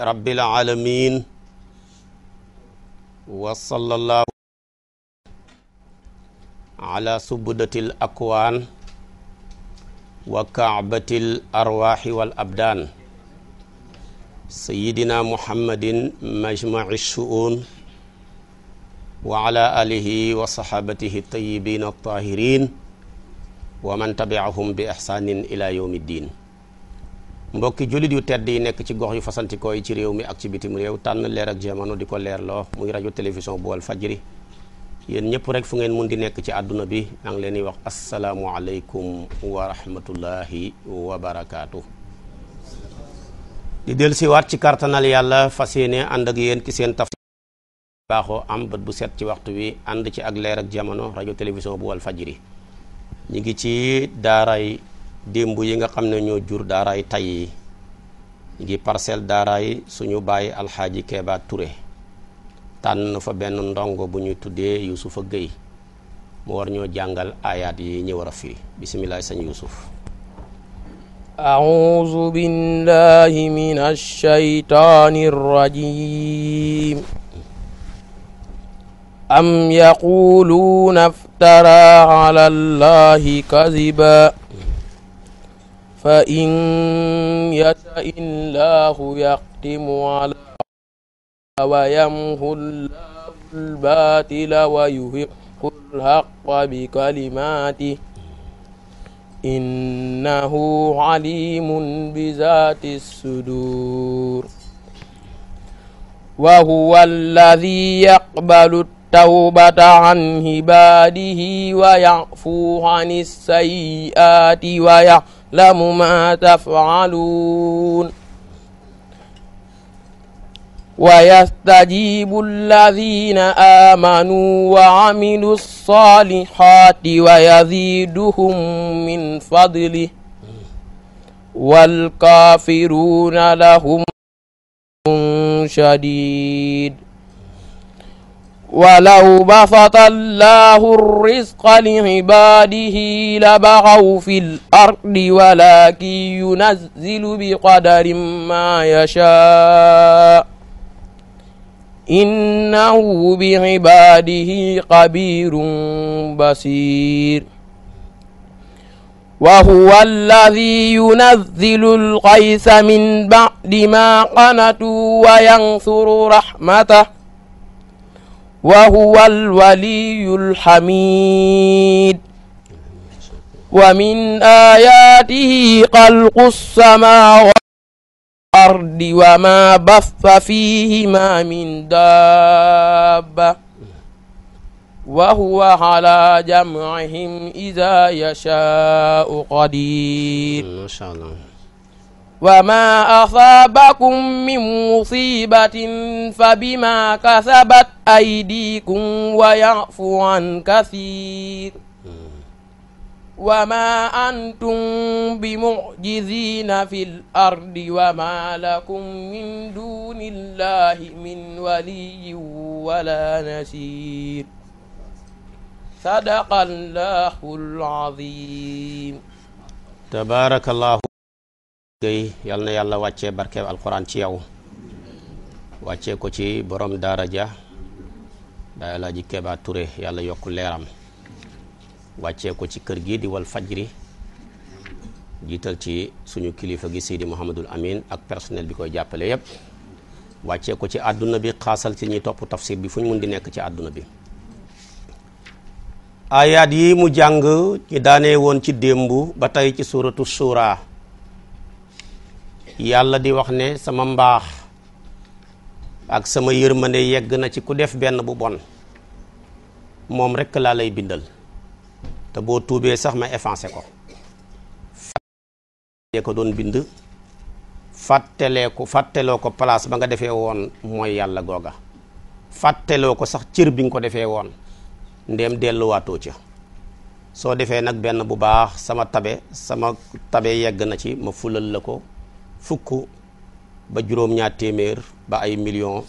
rabbil aalamiin wa sallallahu ala subdatil akwaan wa kaabatil arwaaxi wal abdaan sayidina muhammadin majmaci shu'uun wa ala alihi wa saxaabatihi tayibiin at-taahiriin wa man tabiahum bi ixsaanin ila yawmi ddiin mbokki jullit yu tedd yi nekk ci gox yu fasantikoo yi ci réew mi ak ci bitim réew tànn leer ak jamono di ko leerloo muy rajo télévision bu wal fajri yéen ñëpp rek fu ngeen mun di nekk ci àdduna bi maa ngi leen di wax asalaamualeykum wa rahmatullahi wa barakaatu. di del siwaat ci kartanal yàlla fas yéene ànd ak yéen ci seen tafsir baaxoo am bu set ci waxtu wi ànd ci ak leer ak jamono rajo télévision bu wal fajri démb yi nga xam ne ñoo jur daaraay tay yi ngi parcelle daaraay suñu bàyyi alxaaji Keeba Touré tànn fa benn ndongo bu ñu tuddee Yuusufa Géy mu war ñoo jàngal aayaat yi ñu war a firi bisimilah sëñ Yuusuf أعوذ بالله من الشيطان الرجيم أم يقولون افترى على الله كذبا فإن يشأ الله يختم على ويمحو الله الباطل ويحق الحق بكلماته إنه عليم بذات الصدور وهو الذي يقبل التوبة عن عباده ويعفو عن السيئات ويعفو يعلم ما تفعلون ويستجيب الذين آمنوا وعملوا الصالحات ويزيدهم من فضله والكافرون لهم شديد ولو بسط الله الرزق لعباده لبغوا في الأرض ولكن ينزل بقدر ما يشاء إنه بعباده خبير بصير وهو الذي ينزل الغيث من بعد ما قنطوا وينصر رحمته وهو الولي الحميد ومن آياته خلق السماوات والأرض وما بث فيهما من دابة وهو على جمعهم إذا يشاء قدير ما شاء الله وما أصابكم من مصيبة فبما كسبت أيديكم ويعفو عن كثير وما أنتم بمعجزين في الأرض وما لكم من دون الله من ولي ولا نصير صدق الله العظيم تبارك الله géey yal na yàlla wàccee barkeb alquran ci yow wàccee ko ci boroom daara ja daay Alaaji Keba yàlla yokk leeram wàccee ko ci kër gi di wal fajri jiital ci suñu kilifa gi Sidi Mouhamadul Amin ak personnel bi koy jàppale yépp wàccee ko ci àdduna bi xaasal ci ñuy topp tafsir bi fu ñu mun di nekk ci àdduna bi ayaat yi mu jàng ñi daanee woon ci démb ba tey ci suuratu suuraa yàlla di wax ne sama mbaax ak sama yërmande yegg na ci ku def benn bu bon moom rekk laa lay bindal te boo tuubee sax ma effacé ko fàttelee ko doon bind fàttelee ko fàtteloo ko place ba nga defee woon mooy yàlla googa fàtteloo ko sax cër bi nga ko defee woon ndéem delluwaatoo ca soo defee nag benn bu baax sama tabe sama tabe yegg na ci ma fulal la ko fukk ba juróom-ñaar téeméer ba ay million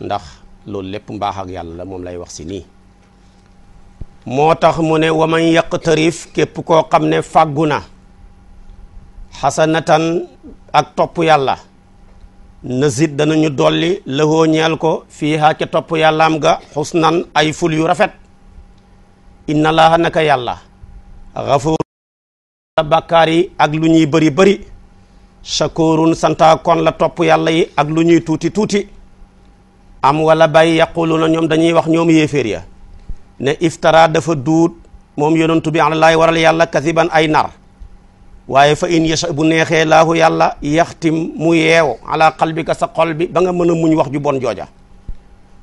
ndax loolu lépp mbaax ak yàlla la moom lay wax si nii moo tax mu ne waman yaqtarif képp koo xam ne fàggu na xasanatan ak topp yàlla nazid danañu dolli lahoo ñeel ko fiiha ca topp yàllaam ga xusnan ay ful yu rafet inna laaha naka yàlla xafuur ak lu ñuy bëri shakurun santa kon la topp yàlla yi ak lu ñuy tuuti tuuti am wala bay yaquluna ñoom dañuy wax ñoom yéeféer ya ne iftara dafa duut moom yonentu bi alalaay waral yàlla kasiban ay nar waaye fa in bu neexee laahu yàlla yaxtim mu yeew ala qalbika sa xol bi ba mën a muñ wax ju bon jooja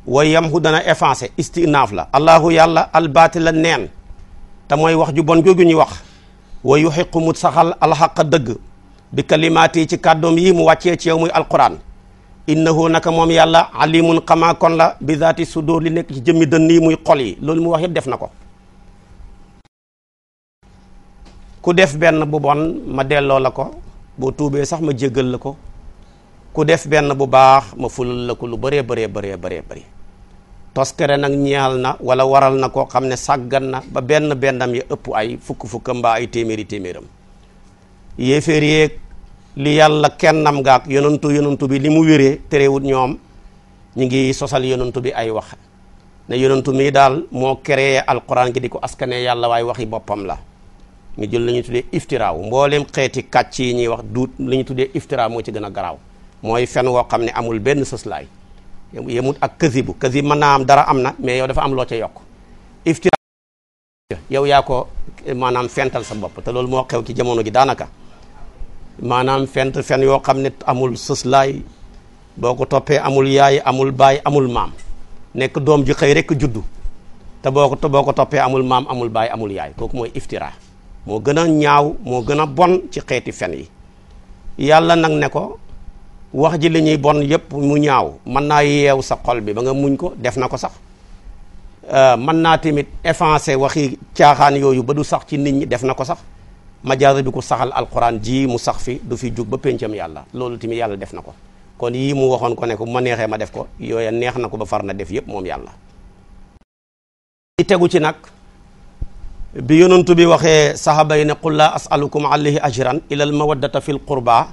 way yamhu dana effacé istinaaf la allahu yàlla albaati la neen te mooy wax ju bon jooju ñuy wax wa yuxiqu mu saxal alxaqa dëgg bi kalimaat yi ci kàddoom yi mu wàccee ci yow muy alquran innahu naka moom yàlla alimun xamaa kon la bi su sudur li nekk ci jëmmi dënn yi muy xol yi loolu mu wax yëpp def na ko ku def benn bu bon ma delloo la ko boo tuubee sax ma jéggal la ko ku def benn bu baax ma fulal la ko lu bëree bëree bëree bëree bëri toskere nag ñeexal na wala waral na koo xam ne sàggan na ba benn bennam ya ëpp ay fukk-fukk mbaa ay téeméeri téeméeram yéeféer yéeg li yàlla kennam gaak yonantu yonantu bi li mu wéree terewut ñoom ñu ngi sosal yonantu bi ay wax ne yonantu mii daal moo créé alquran gi di ko askane yàlla waaye waxi boppam la ñu jël li ñu tuddee iftiraaw mbooleem xeeti kàcc yi ñuy wax duut li ñu tuddee iftiraaw moo ci gën a garaaw mooy fen woo xam ne amul benn sëslaay yemut ak kazibu kazib mën naa am dara am na mais yow dafa am loo ca yokk iftiraaw yow yaa ko maanaam fental sa bopp te loolu moo xew ci jamono gi daanaka maanaam fent fen yoo xam ne amul sëslaay boo ko toppee amul yaay amul baay amul maam nekk doom ju xëy rekk juddu te boo ko boo ko toppee amul maam amul baay amul yaay kooku mooy iftira moo gën a ñaaw moo gën a bon ci xeeti fen yi yàlla nag ne ko wax ji li ñuy bon yépp mu ñaaw mën naa yeew sa xol bi ba nga muñ ko def na ko sax euh, mën naa tamit effacer waxi caaxaan yooyu ba du sax ci nit ñi def na ko sax majaasa bi ku saxal alquran ji mu sax fi du fi jug ba pencam yàlla loolu tamit yàlla def na ko kon yii mu waxoon ko ne ma neexee ma def ko yooya neex na ko ba far def yépp moom yàlla tegu ci nag bi yonantu bi waxee sahaba yi ne qul laa asalukum alayhi ajran ilal mawaddata fil qurba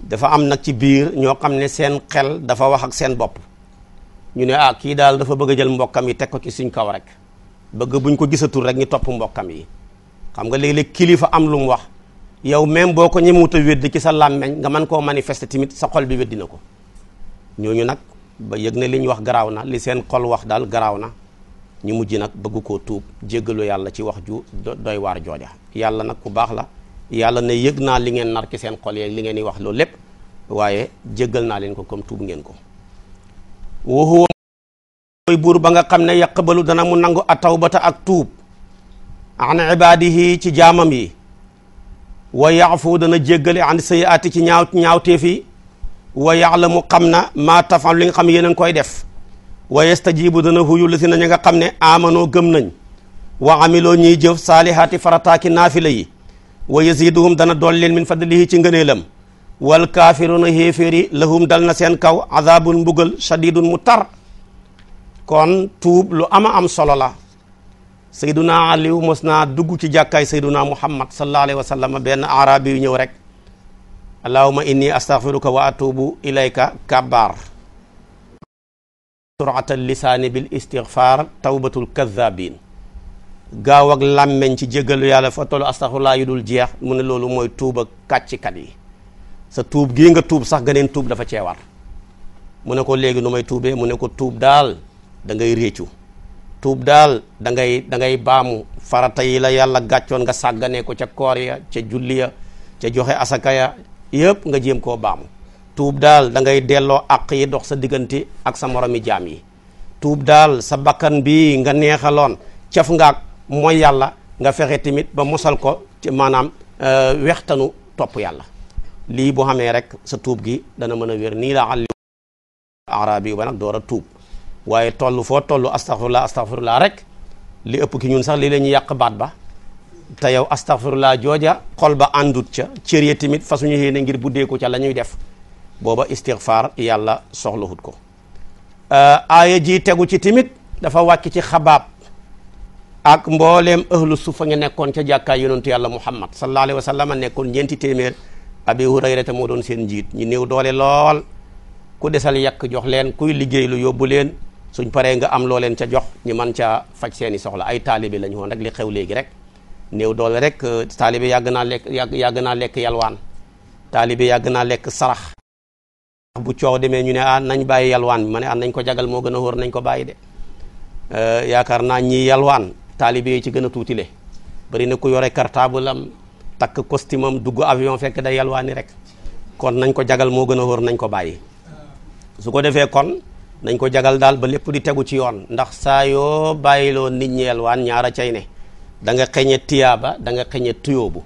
dafa am nag ci biir ñoo xam ne seen xel dafa wax ak seen bopp ñu ne ah kii daal dafa bëgg jël mbokkam yi teg ko ci suñ kaw rek bëgg buñ ko gisatul rek ñu topp mbokkam yi xam nga léeg-léeg kilifa am lu mu wax yow même boo ko ñemewut a weddi ci sa làmmeñ nga man koo manifester tamit sa xol bi weddi na ko ñooñu nag ba yëg na li ñu wax garaaw na li seen xol wax daal garaaw na ñu mujj nag bëgg ko tuub jéggalu yàlla ci wax ju doy waar jooja yàlla nag ku baax la yàlla na yëg naa li ngeen nar ci seen xol yeeg li ngeen di wax loolu lépp waaye jéggal naa leen ko comme tuub ngeen ko wa huwa buur ba nga xam ne yaqbalu dana mu nangu atawbata ak tuub an ibaadihi ci jaamam yi wa yaafu dana jéggale an sayaati ci ñaaw ñaawteef yi wa yaalamu xam na maa li nga xam yéen koy def wa yastajibu dana huyu la na ña nga xam ne amanoo gëm nañ wa amiloo ñiy jëf saalihaati farataaki naafila yi wa yaziduhum dana dool leen min fadlihi ci ngëneelam wal kaafiruuna xéeféeri lahum dal na seen kaw azabun mbugël shadidun mu tar kon tuub lu ama am solo la sayduna aliyu mos naa dugg ci jàkkaay sayduna muhammad sallallahu alayhi wa sallam benn arabi yu ñëw rek allahuma inni astaghfiruka wa atubu ilayka kabbar suratal lisaani bil istighfar tawbatul kadhabin gaaw ak làmmeñ ci jéggalu yàlla fa yu dul jeex mu ne loolu mooy tuuba kàccikat yi sa tuub gii nga tuub sax ganeen tuub dafa ceewar mu ne ko léegi nu may tuubee mu ne ko tuub daal da ngay réccu tuub daal da ngay da ngay baamu farata yi la yàlla gàccoon nga sàggane ko ca koor ya ca julli ya ca joxe asaka ya yëpp nga jéem koo baamu tuub daal da ngay delloo ak yi dox sa diggante ak sa moromi jaam yi tuub daal sa bakkan bi nga neexaloon caf ngaak mooy yàlla nga fexe tamit ba mosal ko ci maanaam euh, wextanu topp yàlla lii boo xamee rek sa tuub gi dana mën a wér nii la àlli arabi ba nag door tuub waaye toll foo toll astaghfirullah astaghfirullah rek li ëpp ki ñun sax lii la ñuy yàq baat ba te yow astaghfirullah jooja xol ba àndut ca cër ya tamit fasuñu yéene ngir buddee ko ca la ñuy def booba istighfar yàlla soxlahut ko aaya ji tegu ci tamit dafa wàcc ci xabaab ak mbooleem ahlu sufa nga nekkoon ca jàkkaay yonentu yàlla muhammad sallallahu alayhi wa sallam nekkoon ñeenti téeméer abi hurayrata moo doon seen njiit ñu néew doole lool ku desal yàq jox leen kuy liggéey yóbbu leen suñ paree nga am loo leen ca jox ñu mën caa faj seeni soxla ay taalibe lañu woon rek li xew léegi rek néew doole rek euh, taalibe yàgg naa lekk yàgg yàgg naa lekk yalwaan taalibe yàgg naa lekk sarax bu coow demee ñu ne ah, nañ bàyyi yalwaan bi ma ne ah nañ ko jagal moo gën a wóor nañ ko bàyyi de euh, yaakaar naa ñi yalwaan taalibe yi ci gën a tuuti le bari na ku yore cartable am takk costume am dugg avion fekk da yalwaani rek kon nañ ko jagal moo gën a wóor nañ ko bàyyi su ko defee kon nañ ko jagal daal ba lépp di tegu ci yoon ndax saa yoo bàyyiloo nit ñi yelwaan ñaara cay ne da nga xeñe tiyaaba da nga xeñe tuyóobu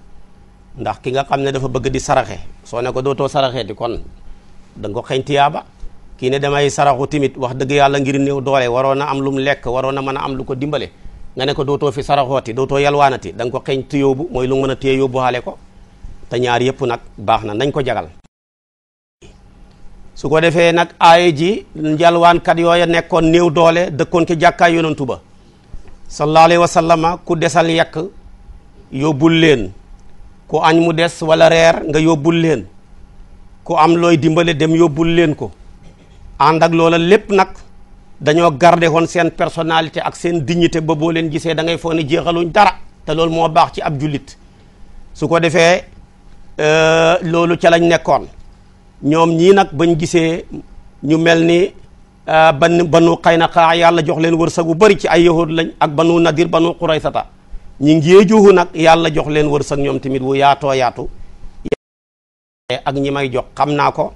ndax ki nga xam ne dafa bëgg di saraxe soo ne ko dootoo saraxee saraxeeti kon danga nga ko xeñ tiyaaba kii ne damay saraxu timit wax dëgg yàlla ngir néew doole waroon na am lu mu lekk waroon na mën a am lu ko dimbale nga ne ko dootoo fi saraxooti dootoo yalwaanati da nga ko xeñ tuyóobu mooy lu mën a téye yóbbuwaale ko te ñaar yëpp nag baax na nañ ko jagal su ko defee nag aaya ji njalwaankat yooya nekkoon néew doole dëkkoon ci jàkkaay yonantu ba sallallahu alayhi wa sallama ku desal yekk yóbbul leen ko añ mu des wala reer nga yóbbul leen ko am looy dimbale dem yóbbul leen ko ànd ak loola lépp nag dañoo garde woon seen personnalité ak seen dignité ba boo leen gisee da ngay foog ne jeexaluñ dara te loolu moo baax ci ab jullit su ko defee euh, loolu ca lañ nekkoon ñoom ñi nag bañ gisee ñu mel ni euh, ban banu xaynaxaa yàlla jox leen wërsëg bu bëri ci ay yahud lañ ak banu nadir banu xuraysata ñi ngeejuhu nag yàlla jox leen war wërsëg ñoom tamit wu yaatoo yaatu ak ñi may jox xam naa ko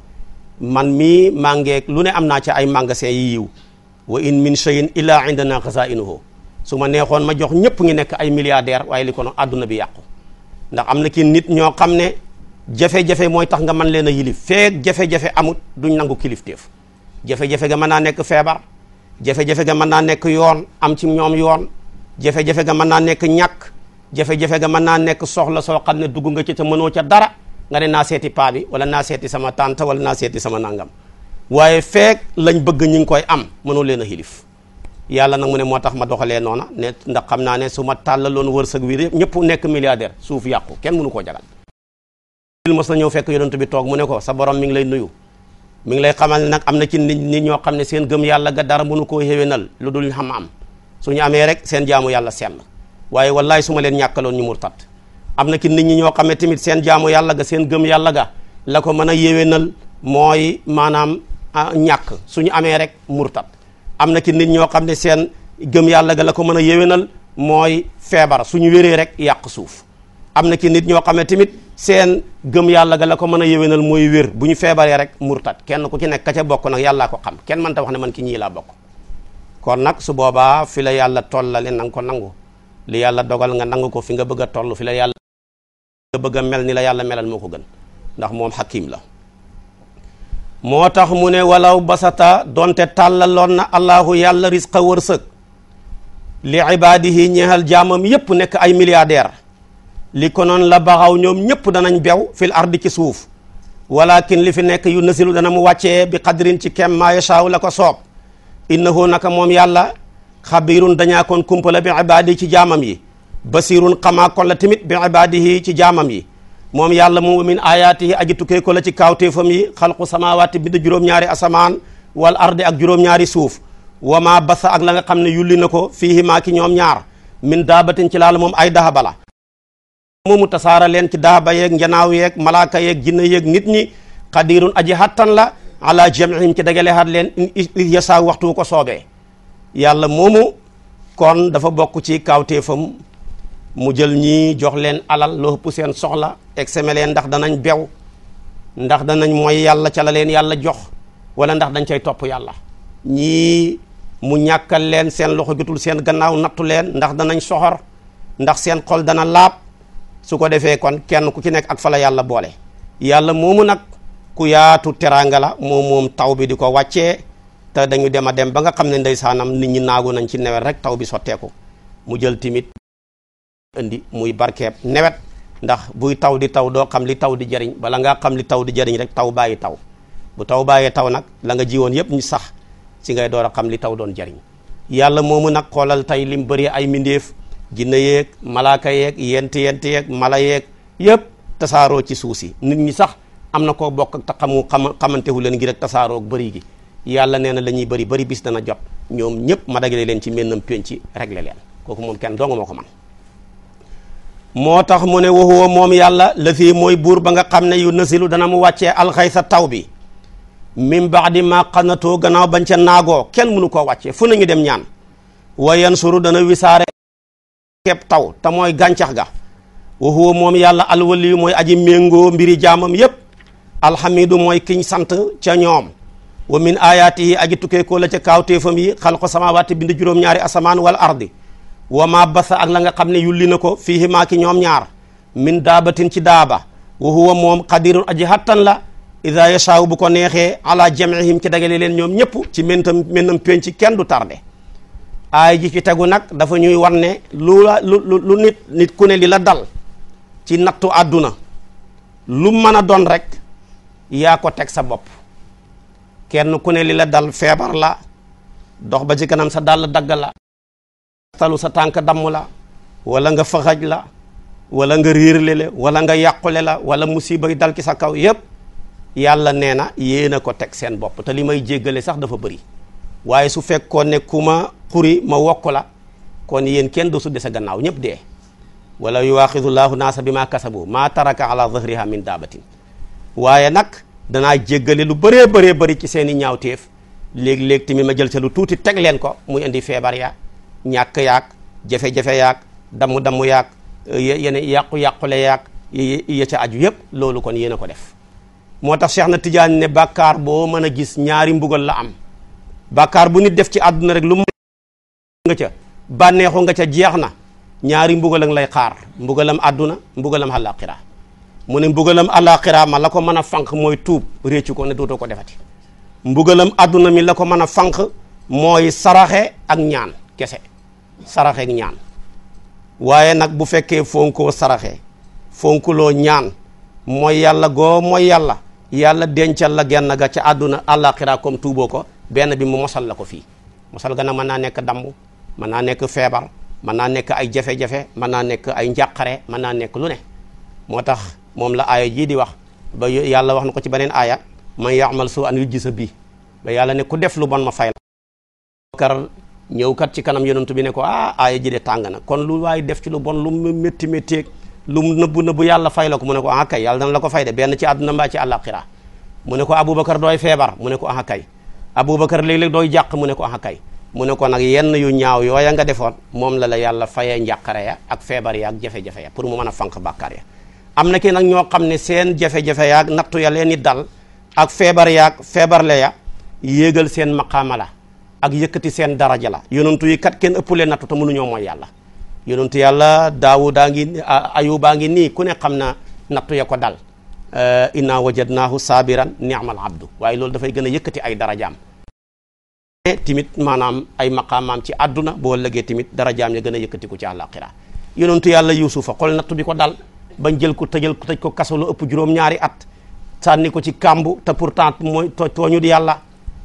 man mii màngeeg lu ne am naa ci ay magasin yi yiw wa in min shay'in illa indana xazainuhu su ma neexoon ma jox ñëpp ngi nekk ay milliardaire waaye li ko no àdduna bi yàqu ndax am na ki nit ñoo xam ne jafe-jafe mooy tax nga man leen a yilif feeg jafe amut duñ nangu kilifteef jafe-jafe ga mën naa nekk feebar jafe-jafe ga mën naa nekk yoon am ci ñoom yoon jafe-jafe ga man naa nekk ñàkk jafe-jafe ga mën naa nekk soxla soo xam ne dugg nga ci te mënoo ca dara nga ne naa seeti paa bi wala naa seeti sama tante wala naa seeti sama nangam waaye feek lañ bëgg ñi ngi koy am mënoo leen a xilif yàlla nag mu ne moo tax ma doxalee noona ne ndax naa ne su ma tàllaloon wërsëg wi ñëpp nekk milliardaire suuf yàqu kenn mënu koo jagal jibril mos na ñëw fekk yonent bi toog mu ne ko sa borom mi ngi lay nuyu mi ngi lay xamal nag am na ki nit nit ñoo xam ne seen gëm yàlla ga dara mënu koo xéwénal lu dul ñu xam am suñu amee rek seen jaamu yàlla sell waaye wallaay su ma leen ñàkkaloon ñu murtat am na ci nit ñi ñoo xam ne tamit seen jaamu yàlla ga seen gëm yàlla ga la ko mën a yéwénal mooy maanaam ñàkk suñu amee rek murtat am na ci nit ñoo xam ne seen gëm yàlla ga la ko mën a yéwénal mooy feebar suñu wéree rek yàq suuf am na ci nit ñoo xam ne tamit seen gëm yàlla ga la ko mën a yéwénal mooy wér bu ñu feebaree rek murtat kenn ku ci nekka ca bokk nag yàlla ko xam kenn mën ta wax ne man ki ñii bokk kon nag su boobaa fi la yàlla tollale na nga ko nangu li yàlla dogal nga nangu ko fi nga bëgg tollu toll fi la yàlla nga bëgg mel ni la yàlla melal moo ko gën ndax moom xakim la moo tax mu ne walaw basata donte tàllaloon na allahu yàlla risqa wërsëg li ibaadihi ñeexal jaamam yépp nekk ay milliardaire li ko noon la baxaw ñoom ñëpp danañ bew fil ardi ci suuf walakin li fi nekk yu nasilu dana mu wàccee bi kadrin ci kem maa yashaaw la ko soob innahu naka moom yàlla xabirun dañaa koon kumpala bi ibaadi ci jaamam yi basirun xamaa kon la tamit bi ibaadihi ci jaamam yi moom yàlla mu min ayaatihi aji tukkee ko la ci kaawteefam yi xalqu samaawaati bind juróom-ñaari asamaan wal ardi ak juróom-ñaari suuf wa maa basa ak la nga xam ne yulli na ko fiihimaa ki ñoom ñaar min daabatin ci laal moom ay dahabala moomu tasaara leen ci daaba yeeg njanaaw yeeg malaaka yeeg jinne yeeg nit ñi xadirun aji hattan la ala jamihim ci dagale hat leen yasaa waxtu ko soobee yàlla moomu kon dafa bokk ci kawteefam mu jël ñi jox leen alal loo ëpp seen soxla exeme leen ndax danañ bew ndax danañ mooy yàlla cala leen yàlla jox wala ndax dañ cay topp yàlla ñii mu ñàkkal leen seen loxo jotul seen gannaaw nattu leen ndax danañ soxor ndax seen xol dana laab su ko defee kon kenn ku ci nekk ak fa la yàlla boole yàlla moomu nag ku yaatu teraanga la moom moom taw bi di ko wàccee te dañu dem a dem ba nga xam ne ndeysaanam nit ñi naagu nañ ci nawet rek taw bi sotteeku mu jël timit indi muy barkeeb nawet ndax buy taw di taw doo xam li taw di jariñ bala ngaa xam li taw di jariñ rek taw bàyyi taw bu taw bàyyee taw nag la nga jiwoon yépp ñu sax si ngay door a xam li taw doon jariñ yàlla moomu nag xoolal tey lim jinne yeeg malaaka yeeg yent yent yeeg mala yeeg yëpp tasaaroo ci suuf si nit ñi sax am na koo bokk ak te xamu xama xamantewu leen ngir rek tasaaroo bëri gi yàlla nee na la ñuy bari bëri bis dana jot ñoom ñëpp ma dagale leen ci mennam penc ci réglé leen kooku moom kenn donga moo ko man moo tax mu ne waxuwa moom yàlla la fii mooy buur ba nga xam ne yu nasilu dana mu wàccee alxaysa taw bi min baadi na xanatoo ganaaw bañ ca naagoo kenn mënu koo wàccee fu nañu dem ñaan kepp taw te mooy gàncax ga wa huwa moom yàlla alwali mooy aji méngoo mbiri jaamam yépp alxamidu mooy kiñ sant ca ñoom wa min ayaatihi aji tukkeekoo la ca kaawteefam yi xalqu samaawaati bind juróom-ñaari asamaan wal ardi wa ma basa ak la nga xam ne yulli na ko fiihi maa ñoom ñaar min daabatin ci daaba wa huwa moom qadirun aji hattan la ida yashaaw bu ko neexee ala jamihim ci dagale leen ñoom ñëpp ci mentam mennam ci kenn du tardé aay ji ci tegu nag dafa ñuy wan ne lu la lu lu nit nit ku ne li la dal ci nattu àdduna lu mën a doon rek yaa ko teg sa bopp kenn ku ne li la dal feebar la dox ba ci sa dàll dagg la talu sa tànk damm la wala nga faxaj la wala nga riirle la wala nga yàqule la wala musiba yi dal ci sa kaw yépp yàlla nee na yéen a ko teg seen bopp te li may jéggale sax dafa bëri waaye su fekkoon ne ku xuri ma wokk la kenn du sudde sa gannaaw ñëpp dee wala yuwaaxidullahu naasa bi maa kasabu maa taraka ala zahriha min daabatin waaye nag danaa jéggale lu bëree bëree bëri ci seen i ñaawteef léeg-léeg tamit ma jël sa lu tuuti teg leen ko mu indi feebar yaag ñàkk yaag jafe-jafe yaag dammu damm yaag yene yàqu-yàqule yaag ya aju yëpp loolu kon yéen a ko def moo tax Cheikh na Tidiane ne bàkkaar boo mën a gis ñaari mbugal la am bàkkaar bu nit def ci àdduna rek lu nga ca bànneexu nga ca jeex na ñaari mbugalam lay xaar mbugalam àdduna mbugalam àllaaxira mu ne mbugalam la ko mën a fànq mooy tuub ne dootoo ko defati mbugalam àdduna mi la ko mën a fànq mooy saraxe ak ñaan kese saraxe ñaan waaye nag bu fekkee fonkoo saraxe fonkuloo ñaan mooy yàlla goo mooy yàlla yàlla dencal la genn ga ca àdduna àllaaxira comme tuuboo ko benn bi mu mosal la ko fii mosal ga nag mën naa nekk damb mën naa nekk feebar mën naa nekk ay jafe-jafe mën naa nekk ay njàqare mën naa nekk lu ne moo tax moom la aaya jii di wax ba yàlla wax na ko ci beneen aaya man yaamal su an yujji sa bii ba yàlla nekku ku def lu bon ma fay la kar ñëw kat ci kanam yonentu bi ne ko ah aaya ji de tàng na kon lu waaye def ci lu bon lu mu métti métteeg lu mu nëbbu nëbbu yàlla fay la ko mu ne ko ah kay yàlla dana la ko fay de benn ci àdduna mbaa ci àllaaxira mu ne ko aboubacar dooy feebar mu ne ko ah kay aboubacar léeg-léeg dooy jàq mu ne ko ah mu ne ko nag yenn yu ñaaw yooya nga defoon moom la la yàlla fayee njàqare ya ak feebar ya ak jafe-jafe ya pour mu mën a fanq bàkkaar ya am na ke nag ñoo xam ne seen jafe-jafe ya ak nattu ya leen di dal ak feebar ya ak feebarle ya yéegal seen maqaama la ak yëkkati seen daraja la yonentu yi kat kenn ëppulee nattu te mënuñoo mooy yàlla yonentu yàlla daawudaa ngi ayubaa ngi nii ku ne xam na nattu ya ko dal euh, inna wajadnaahu sabiran ni'mal abdu waaye loolu dafay gën a yëkkati ay darajaam timit maanaam ay maqaamaam ci àdduna boo lëgee tamit dara jaam ya gën a yëkkatiku ci àllaaxira yonentu yàlla yuusufa xol nattu bi ko dal bañ jël ko tëjal ko tëj ko kaso lu ëpp juróom-ñaari at sànni ko ci kàmbu te pourtant mooy tooñu di yàlla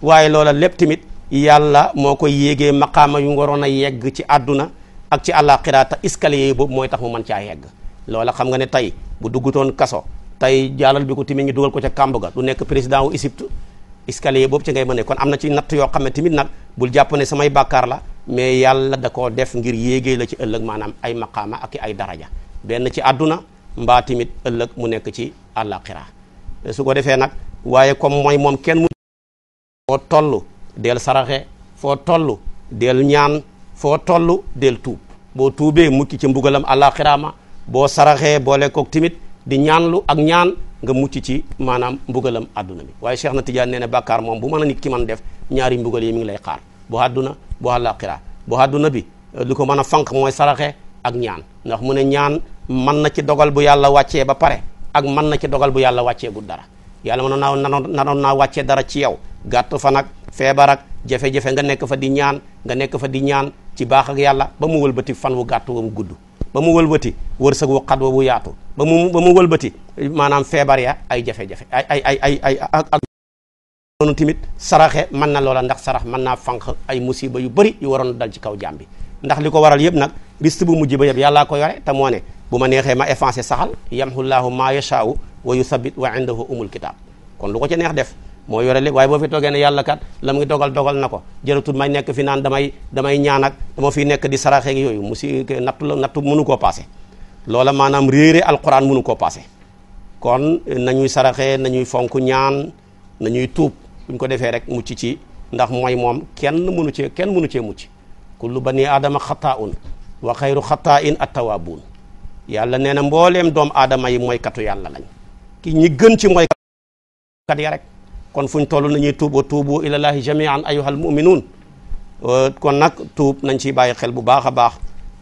waaye loola lépp tamit yàlla moo koy yéegee maqaama yu waroon a yegg ci àdduna ak ci àllaaxira te escalier boobu mooy tax mu mën caa yegg loola xam nga ne tey bu toon kaso tey jàllal bi ko timit ñu dugal ko kàmb ga du escalier boobu ci ngay mën a kon am na ci natt yoo xam ne tamit nag bul jàpp ne samay bàkkaar la mais yàlla da koo def ngir yéegee la ci ëllëg maanaam ay maqaama ak ay daraja benn ci adduna mbaa tamit ëllëg mu nekk ci àllaaxira su ko defee nag waaye comme mooy moom kenn mu foo toll del saraxe foo toll del ñaan foo toll del tuub boo tuubee mukki ci mbugalam àllaaxira ma boo saraxee boole koog tamit di ñaanlu ak ñaan nga mucc ci maanaam mbugalam àdduna bi waaye Cheikh na Tidiane nee na bàkkaar moom bu mën a nit ki man def ñaari mbugal yi mu ngi lay xaar bu àdduna bu àllaaxira bu àdduna bi li ko mën a fanq mooy saraxe ak ñaan ndax mu ne ñaan mën na ci dogal bu yàlla wàccee ba pare ak mën na ci dogal bu yàlla wàccee bu dara yàlla mënoon naa nanoon naa wàccee dara ci yow gàtt fa nag feebar ak jafe nga nekk fa di ñaan nga nekk fa di ñaan ci baax ak yàlla ba mu wëlbati fan wu gàtt wu gudd ba mu wëlbati wërsëg wu xat wa bu yaatu ba mu ba mu wëlbati maanaam feebar ya ay jafe-jafe ay ay ay ay ay ak noonu tamit saraxe man na loola ndax sarax mën naa fànq ay musiba yu bëri yu waroon dal ci kaw jaam bi ndax li ko waral yëpp nag risque bu mujj ba yëpp yàllaa ko yore te moo ne bu ma neexee ma effacé saxal yamhu llaahu maa yashaa'u wa yuthabbit wa indahu umul kitaab kon lu ko ci neex def moo yore lépp waaye boo fi toogee ne yàlla kat la mu ngi dogal dogal na ko jërëtul may nekk fi naan damay damay ñaan ak dama fiy nekk di saraxe ak yooyu mu si nattu la nattu mënu koo paase. loola maanaam réere alquran mënu koo paase kon nañuy saraxe ñuy fonk ñaan ñuy tuub buñ ko defee rek mucc ci ndax mooy moom kenn mënu cee kenn mënu cee mucc kullu bani aadama xataa un wa xayru xataa in attawaabuun yàlla nee na mbooleem doomu aadama yi mooykatu yàlla lañ ki rek kon fu ñu toll nañuy tuuba tuubu ilallahi jamian ayyuhal muminuun kon nag tuub nañ ciy bàyyi xel bu baax a baax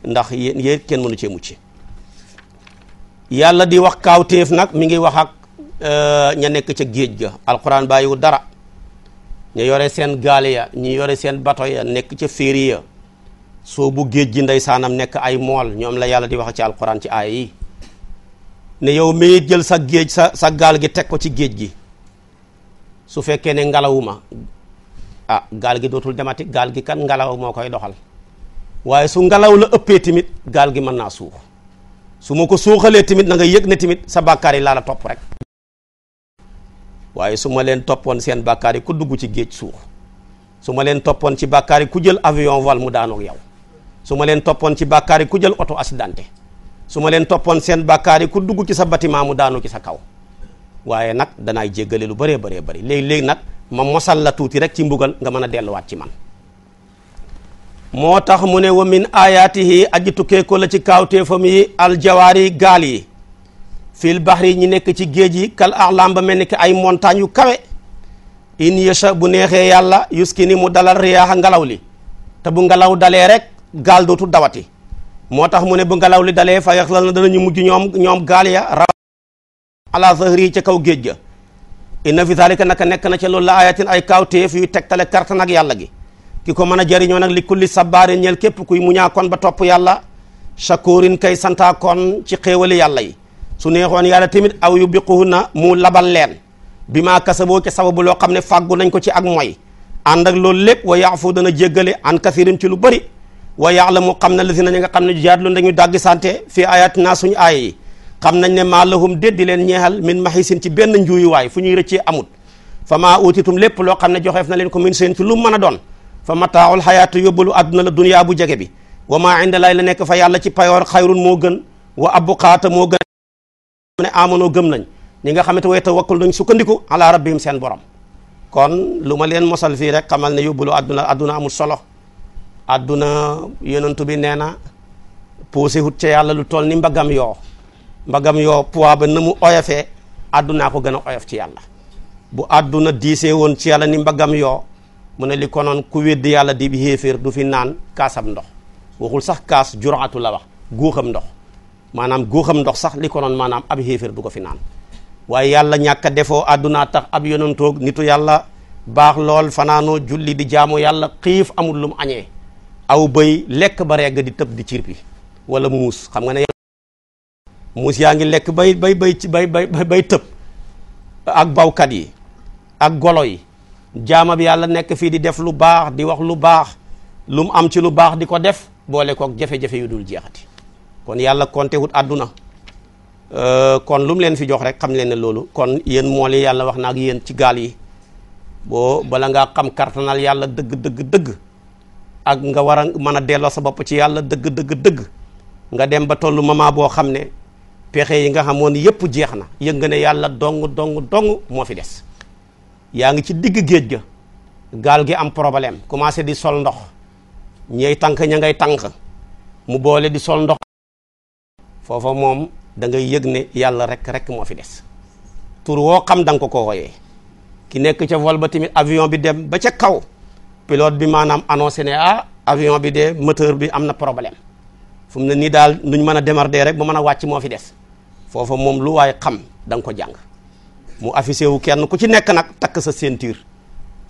ndax yéen yéen kenn mënu cee mucc yàlla di wax kaaw téef nag mi ngi wax ak euh, ña nekk ca géej ga alquran bàyyiwu dara ña yore seen gaal ya ñu yore seen bato ya nekk ca féeri ya soo bu géej gi ndey saanam nekk ay mool ñoom la yàlla di wax ci alquran ci aaya yi ne yow mi jël sa géej sa sa gaal gi teg ko ci géej gi su fekkee ne ngalawuma ah gaal gi dootul demati gaal gi kan ngalaw moo koy doxal waaye su ngalaw la ëppee tamit gaal gi mën naa suux su ma ko suuxalee tamit na nga yëg ne tamit sa bàkkaar yi laa la topp rek waaye su ma leen toppoon seen bàkkaar ku dugg ci géej suux su ma leen toppoon ci bàkkaar ku jël avion vol mu daanoog yow su ma leen toppoon ci bàkkaar ku jël oto accidenté su ma leen toppoon seen bàkkaar ku dugg ci sa bâtiment mu daanu ci sa kaw waaye nag danaay jéggale lu bëree bëree léegi-léegi nag ma mosal la tuuti rek ci mbugal nga mën a delluwaat ci man moo tax mu ne wa min ayaatihi aji tukkeeko la ci kaawteefam al aljawaari gaal yi fil bahri ñi nekk ci géej yi kal a'lam ba mel ni ki ay montagne yu kawe in yasha bu neexee yàlla yuskini mu dalal riyaaxa ngelaw li te bu ngelaw dalee rek gaal dootu dawati moo tax mu ne bu ngelaw li dalee fa yaxlal na danañu mujj ñoom ñoom gaal ya ala zahri ca kaw géej ga inna fi zalika naka nekk na ca loolu la ayatin ay kaawteef yuy tegtale kartan ak yàlla gi ki ko mën a jëriñoo nag li kulli sabaarin ñeel képp kuy muñaakoon ba topp yàlla shakurin kay santaakoon ci xéewali yàlla yi su neexoon yàlla tamit aw yu biquhu na mu labal leen bi maa kasaboo ca sababu loo xam ne fàggu nañ ko ci ak mooy ànd ak loolu lépp wa yaafu dana jëggale an kasirin ci lu bëri wa yaalamu xam na lasi na ñi nga xam ne jaadlu dañu dàggi sante fii ayatina suñu aaya yi xam nañ ne maa lahum déddi leen ñeexal min mahisin ci benn njuyuwaay fu ñuy rëccee amut fa maa utitum lépp loo xam ne joxeef na leen ko min seen ci lu mën a doon fa mataaul xayaatu yóbbalu àdduna la duniyaa bu jege bi wa maa inda lay la nekk fa yàlla ci payoor xayrun moo gën wa abbuqaata moo gën ne amonoo gëm nañ ñi nga xamante way tawakkal nañ sukkandiku ala rabbihim seen borom kon lu ma leen mosal fii rek xamal ne yóbbalu àdduna àdduna amul solo àdduna yonentu bi nee na poosé hut ca yàlla lu toll ni mbagam yoo mbagam yoo poids ba na mu oyofee adduna ko gën a oyof ci yàlla bu àdduna diisee woon ci yàlla ni mbagam yoo mu ne li konoon ku weddi yàlla di bi du fi naan kaasam ndox waxul sax kaas juraatu la wax góoxam ndox maanaam góoxam ndox sax li konoon maanaam ab xéeféer du ko fi naan waaye yàlla ñàkk defoo àddunaa tax ab yonantoog nitu yàlla baax lool fanaanoo julli di jaamu yàlla xiif amul lu mu añee aw bëy lekk ba regg di tëb di cirpi wala muus muus yaa ngi lekk bay bay bay bay bay bay tëb ak bawkat yi ak golo yi jaama bi yàlla nekk fii di def lu baax di wax lu baax lu mu am ci lu baax di ko def boole kook jafe-jafe yu dul jeexati kon yàlla konte wut àdduna euh, kon lu mu leen fi jox rek xam leen ne loolu kon yéen mool yi yàlla wax na ak yéen ci gaal yi boo bala ngaa xam kartanal yàlla dëgg dëgg dëgg ak nga war a mën a delloo sa bopp ci yàlla dëgg dëgg dëgg nga dem ba tollu moment boo xam ne pexe yi nga xamoon yépp jeex na yëg nga ne yàlla dong dong dong moo fi des yaa ngi ci digg géej ga gaal gi am problème commencé di sol ndox ñey tànk ña ngay tànk mu boole di sol ndox foofa moom dangay yëg ne yàlla rek rek moo fi des pour woo xam da ko ko wooyee ki nekk ca vol ba tamit avion bi dem ba ca kaw pilote bi maanaam annoncé ne ah avion bi de moteur bi am na problème fu mu ne nii daal nuñ mën a démarrer rek bu mën a wàcc moo fi des foofa moom lu waay xam danga ko jàng mu affiché wu kenn ku ci nekk nag takk sa ceinture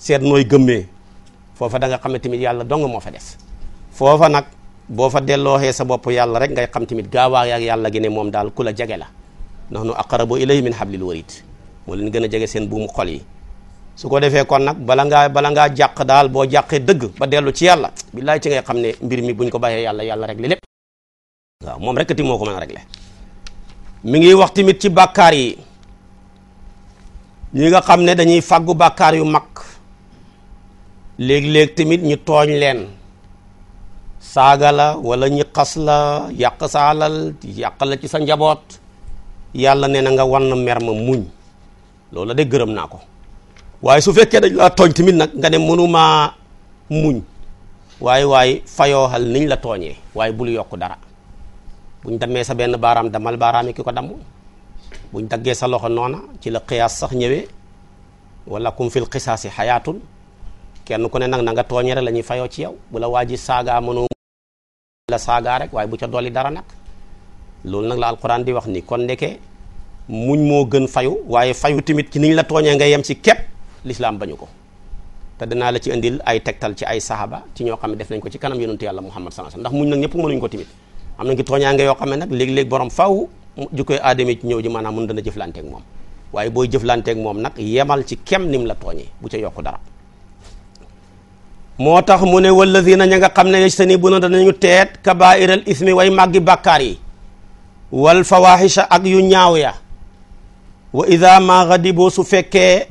seet nooy gëmmee foofa da nga xam ne tamit yàlla dong moo fa des foofa nag boo fa delloo dellooxee sa bopp yàlla rek ngay xam tamit gaawaay ak yàlla gi ne moom daal ku la jege la nahnu aqrabu ilayhi min hablil warid moo leen gën a jege seen buumu xol yi su ko defee kon nag bala ngaa bala ngaa jàq daal boo jàqee dëgg ba dellu ci yàlla billaay ci ngay xam ne mbir mi buñ ko bàyyee yàlla yàlla régler lépp waaw moom rek ti moo ko mën a mi ngi wax tamit ci bàkkaar yi ñi nga xam ne dañuy faggu bàkkaar yu mag léeg-léeg tamit ñu tooñ leen saagala walla wala ñi la yàq saalal alal la ci sa njaboot yàlla nee na nga wan mer ma muñ loola de gërëm naa ko waaye su fekkee da laa tooñ tamit nag nga ne maa muñ waaye waaye fayooxal niñ la tooñee waaye bul yokk dara buñ dammee sa benn baaraam damal baaraami ki ko damm buñ daggee sa loxo noona ci la xiyaas sax ñëwee wala kum fil xisaasi xayaatul kenn ku ne nag na nga tooñee rek la ñuy fayoo ci yow bu la waa ji saagaa mënoo la saagaa rek waaye bu ca dolli dara nag loolu nag la alquran di wax ni kon ndeke muñ moo gën fayu waaye fayu tamit ci niñ la tooñee nga yem ci képp lislaam bañu ko te danaa la ci indil ay tegtal ci ay sahaba ci ñoo xam def nañ ko ci kanam yonentu yàlla muhammad sallallahu alayhi wasallam ndax muñ nag ko tamit am na ngi tooñaange yoo xam ne nag léeg-léeg borom faaw jikkoy aadami ci ñëw ji maanaam mën dana jëflanteeg moom waaye booy jëflanteeg moom nag yemal ci kem nim la tooñee bu ca yokk dara moo tax mu ne na ña nga xam ne seni bu na danañu teet kabairal isime way màggi bàkkaar yi wal fawahisha ak yu ñaaw ya wa maa ma ghadibu su fekkee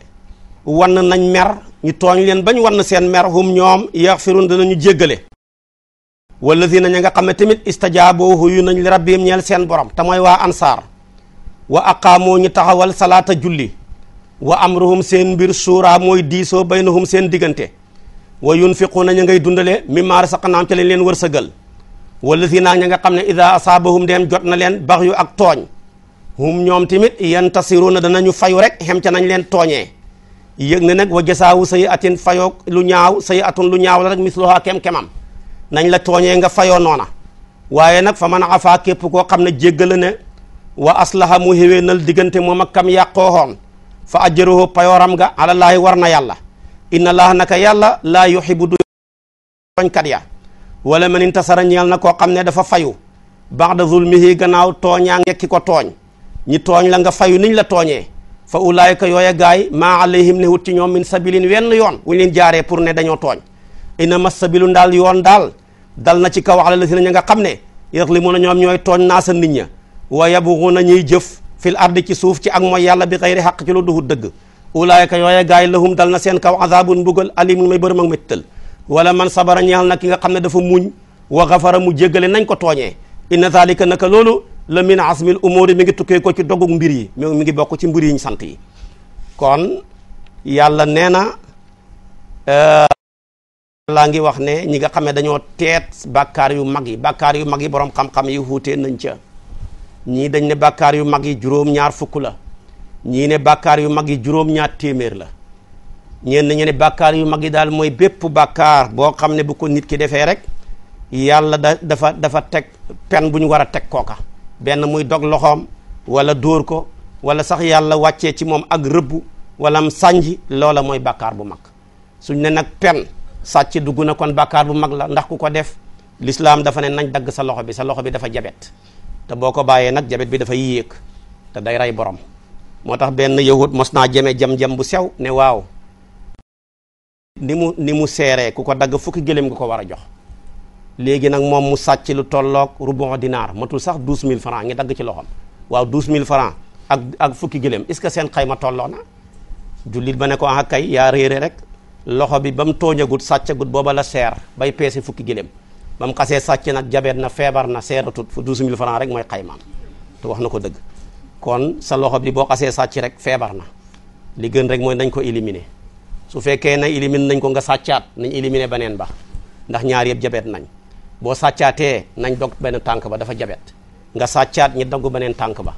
wann nañ mer ñu tooñ leen bañ wann seen mer hum ñoom yaxfirun ñu jéggale walladina ña nga xam ne tamit istajaaboo huyu nañ li rabbihim ñeel seen borom te waa ansaar wa aqaamoo ñu taxawal salaata julli wa amruhum seen mbir suuraa mooy diisoo baynahum seen diggante wa yunfiquuna ña ngay dundale mimmaa rasaqnaahum ci lañ leen wërsëgal walladina ña nga xam ne ida asaabahum dem jot na leen bax yu ak tooñ hum ñoom tamit yantasiruuna ñu fayu rek xem ca nañ leen tooñe yëg na nag wa jasaawu sayi atin fayoog lu ñaaw sayi atun lu ñaaw la rek misluhaa kem-kemam nañ la tooñee nga fayoo noona waaye nag fa man afaa képp koo xam ne jéggale ne wa aslaha mu nal diggante moom ak kam yàqooxoon fa ajruhu payooram nga alallaahi war na yàlla inna allaha naka yàlla laa yuhibbu du tooñkat ya wala man intasara ñeel na koo xam ne dafa fayu ba'da zulmihi gannaaw tooñaa ngekki ko tooñ ñi tooñ la nga fayu niñ la tooñee fa ulaayika yooya gaay ma alayhim ne wut ci ñoom min sabilin wenn yoon wuñ leen jaaree pour ne dañoo tooñ dal na ci kaw ala la si na ña nga xam ne yaxlimuna ñoom ñooy tooñ naasa nit ña wa na ñuy jëf fil ardi ci suuf ci ak mooy yàlla bi xayri xaq ci lu duhut dëgg ulaayka yooye gaay lahum dal na seen kaw azabun mbugal alimun may bërëm ak méttal wala man sabara ñeel na ki nga xam ne dafa muñ wa xafara mu jéggale nañ ko tooñee inna zalika naka loolu la min asmil umuri mi ngi tukkee ko ci dogug mbir yi mi ngi bokk ci mbir yiñ sant yi kon yàlla nee na laa ngi wax ne ñi nga xam ne dañoo teet bàkkaar yu mag yi bàkkaar yu mag yi borom xam-xam yi wuutee nañ ca ñii dañ ne bàkkaar yu mag yi juróom-ñaar fukk la ñii ne bàkkaar yu mag yi juróom téeméer la ñeen ñu ne bàkkaar yu mag yi daal mooy bépp bakkaar boo xam ne bu ko nit ki defee rek yàlla da dafa dafa teg pen bu ñu war a teg kooka benn muy dog loxoom wala dóor ko wala sax yàlla wàccee ci moom ak rëbb wala am sànji loola mooy bàkkaar bu mag suñ ne nag pen sàcc dugg na kon bàkkaar bu mag la ndax ku ko def lislaam dafa ne nañ dagg sa loxo bi sa loxo bi dafa jabet te boo ko bàyyee nag jabet bi dafa yéeg te day rey borom moo tax benn yahut mos naa jeme jam-jam bu sew ne waaw ni mu ni mu seeree ku ko dagg fukki gëléem gu ko war a jox léegi nag moom mu sàcc lu tolloog rubu dinaar matul sax douze mille francs ngi dagg ci loxom waaw douze mille francs ak ak fukki gëléem est-ce que seen xayma tolloo na jullit ba ne ko ah kay loxo bi ba mu tooñagut gut booba la seer bay peese fukki giléem ba mu xasee sàcc nag jabeet na feebar na seeratut fu douze mille francs rek mooy xaymaam te wax na ko dëgg kon sa loxo bi boo xasee sàcc rek feebar na li gën rek mooy nañ ko éliminer su fekkee na éliminer nañ ko nga sàccaat nañ éliminer beneen ba ndax ñaar yëpp jabeet nañ boo sàccaatee nañ dog benn tànk ba dafa jabeet nga sàccaat ñi dogg beneen tànk ba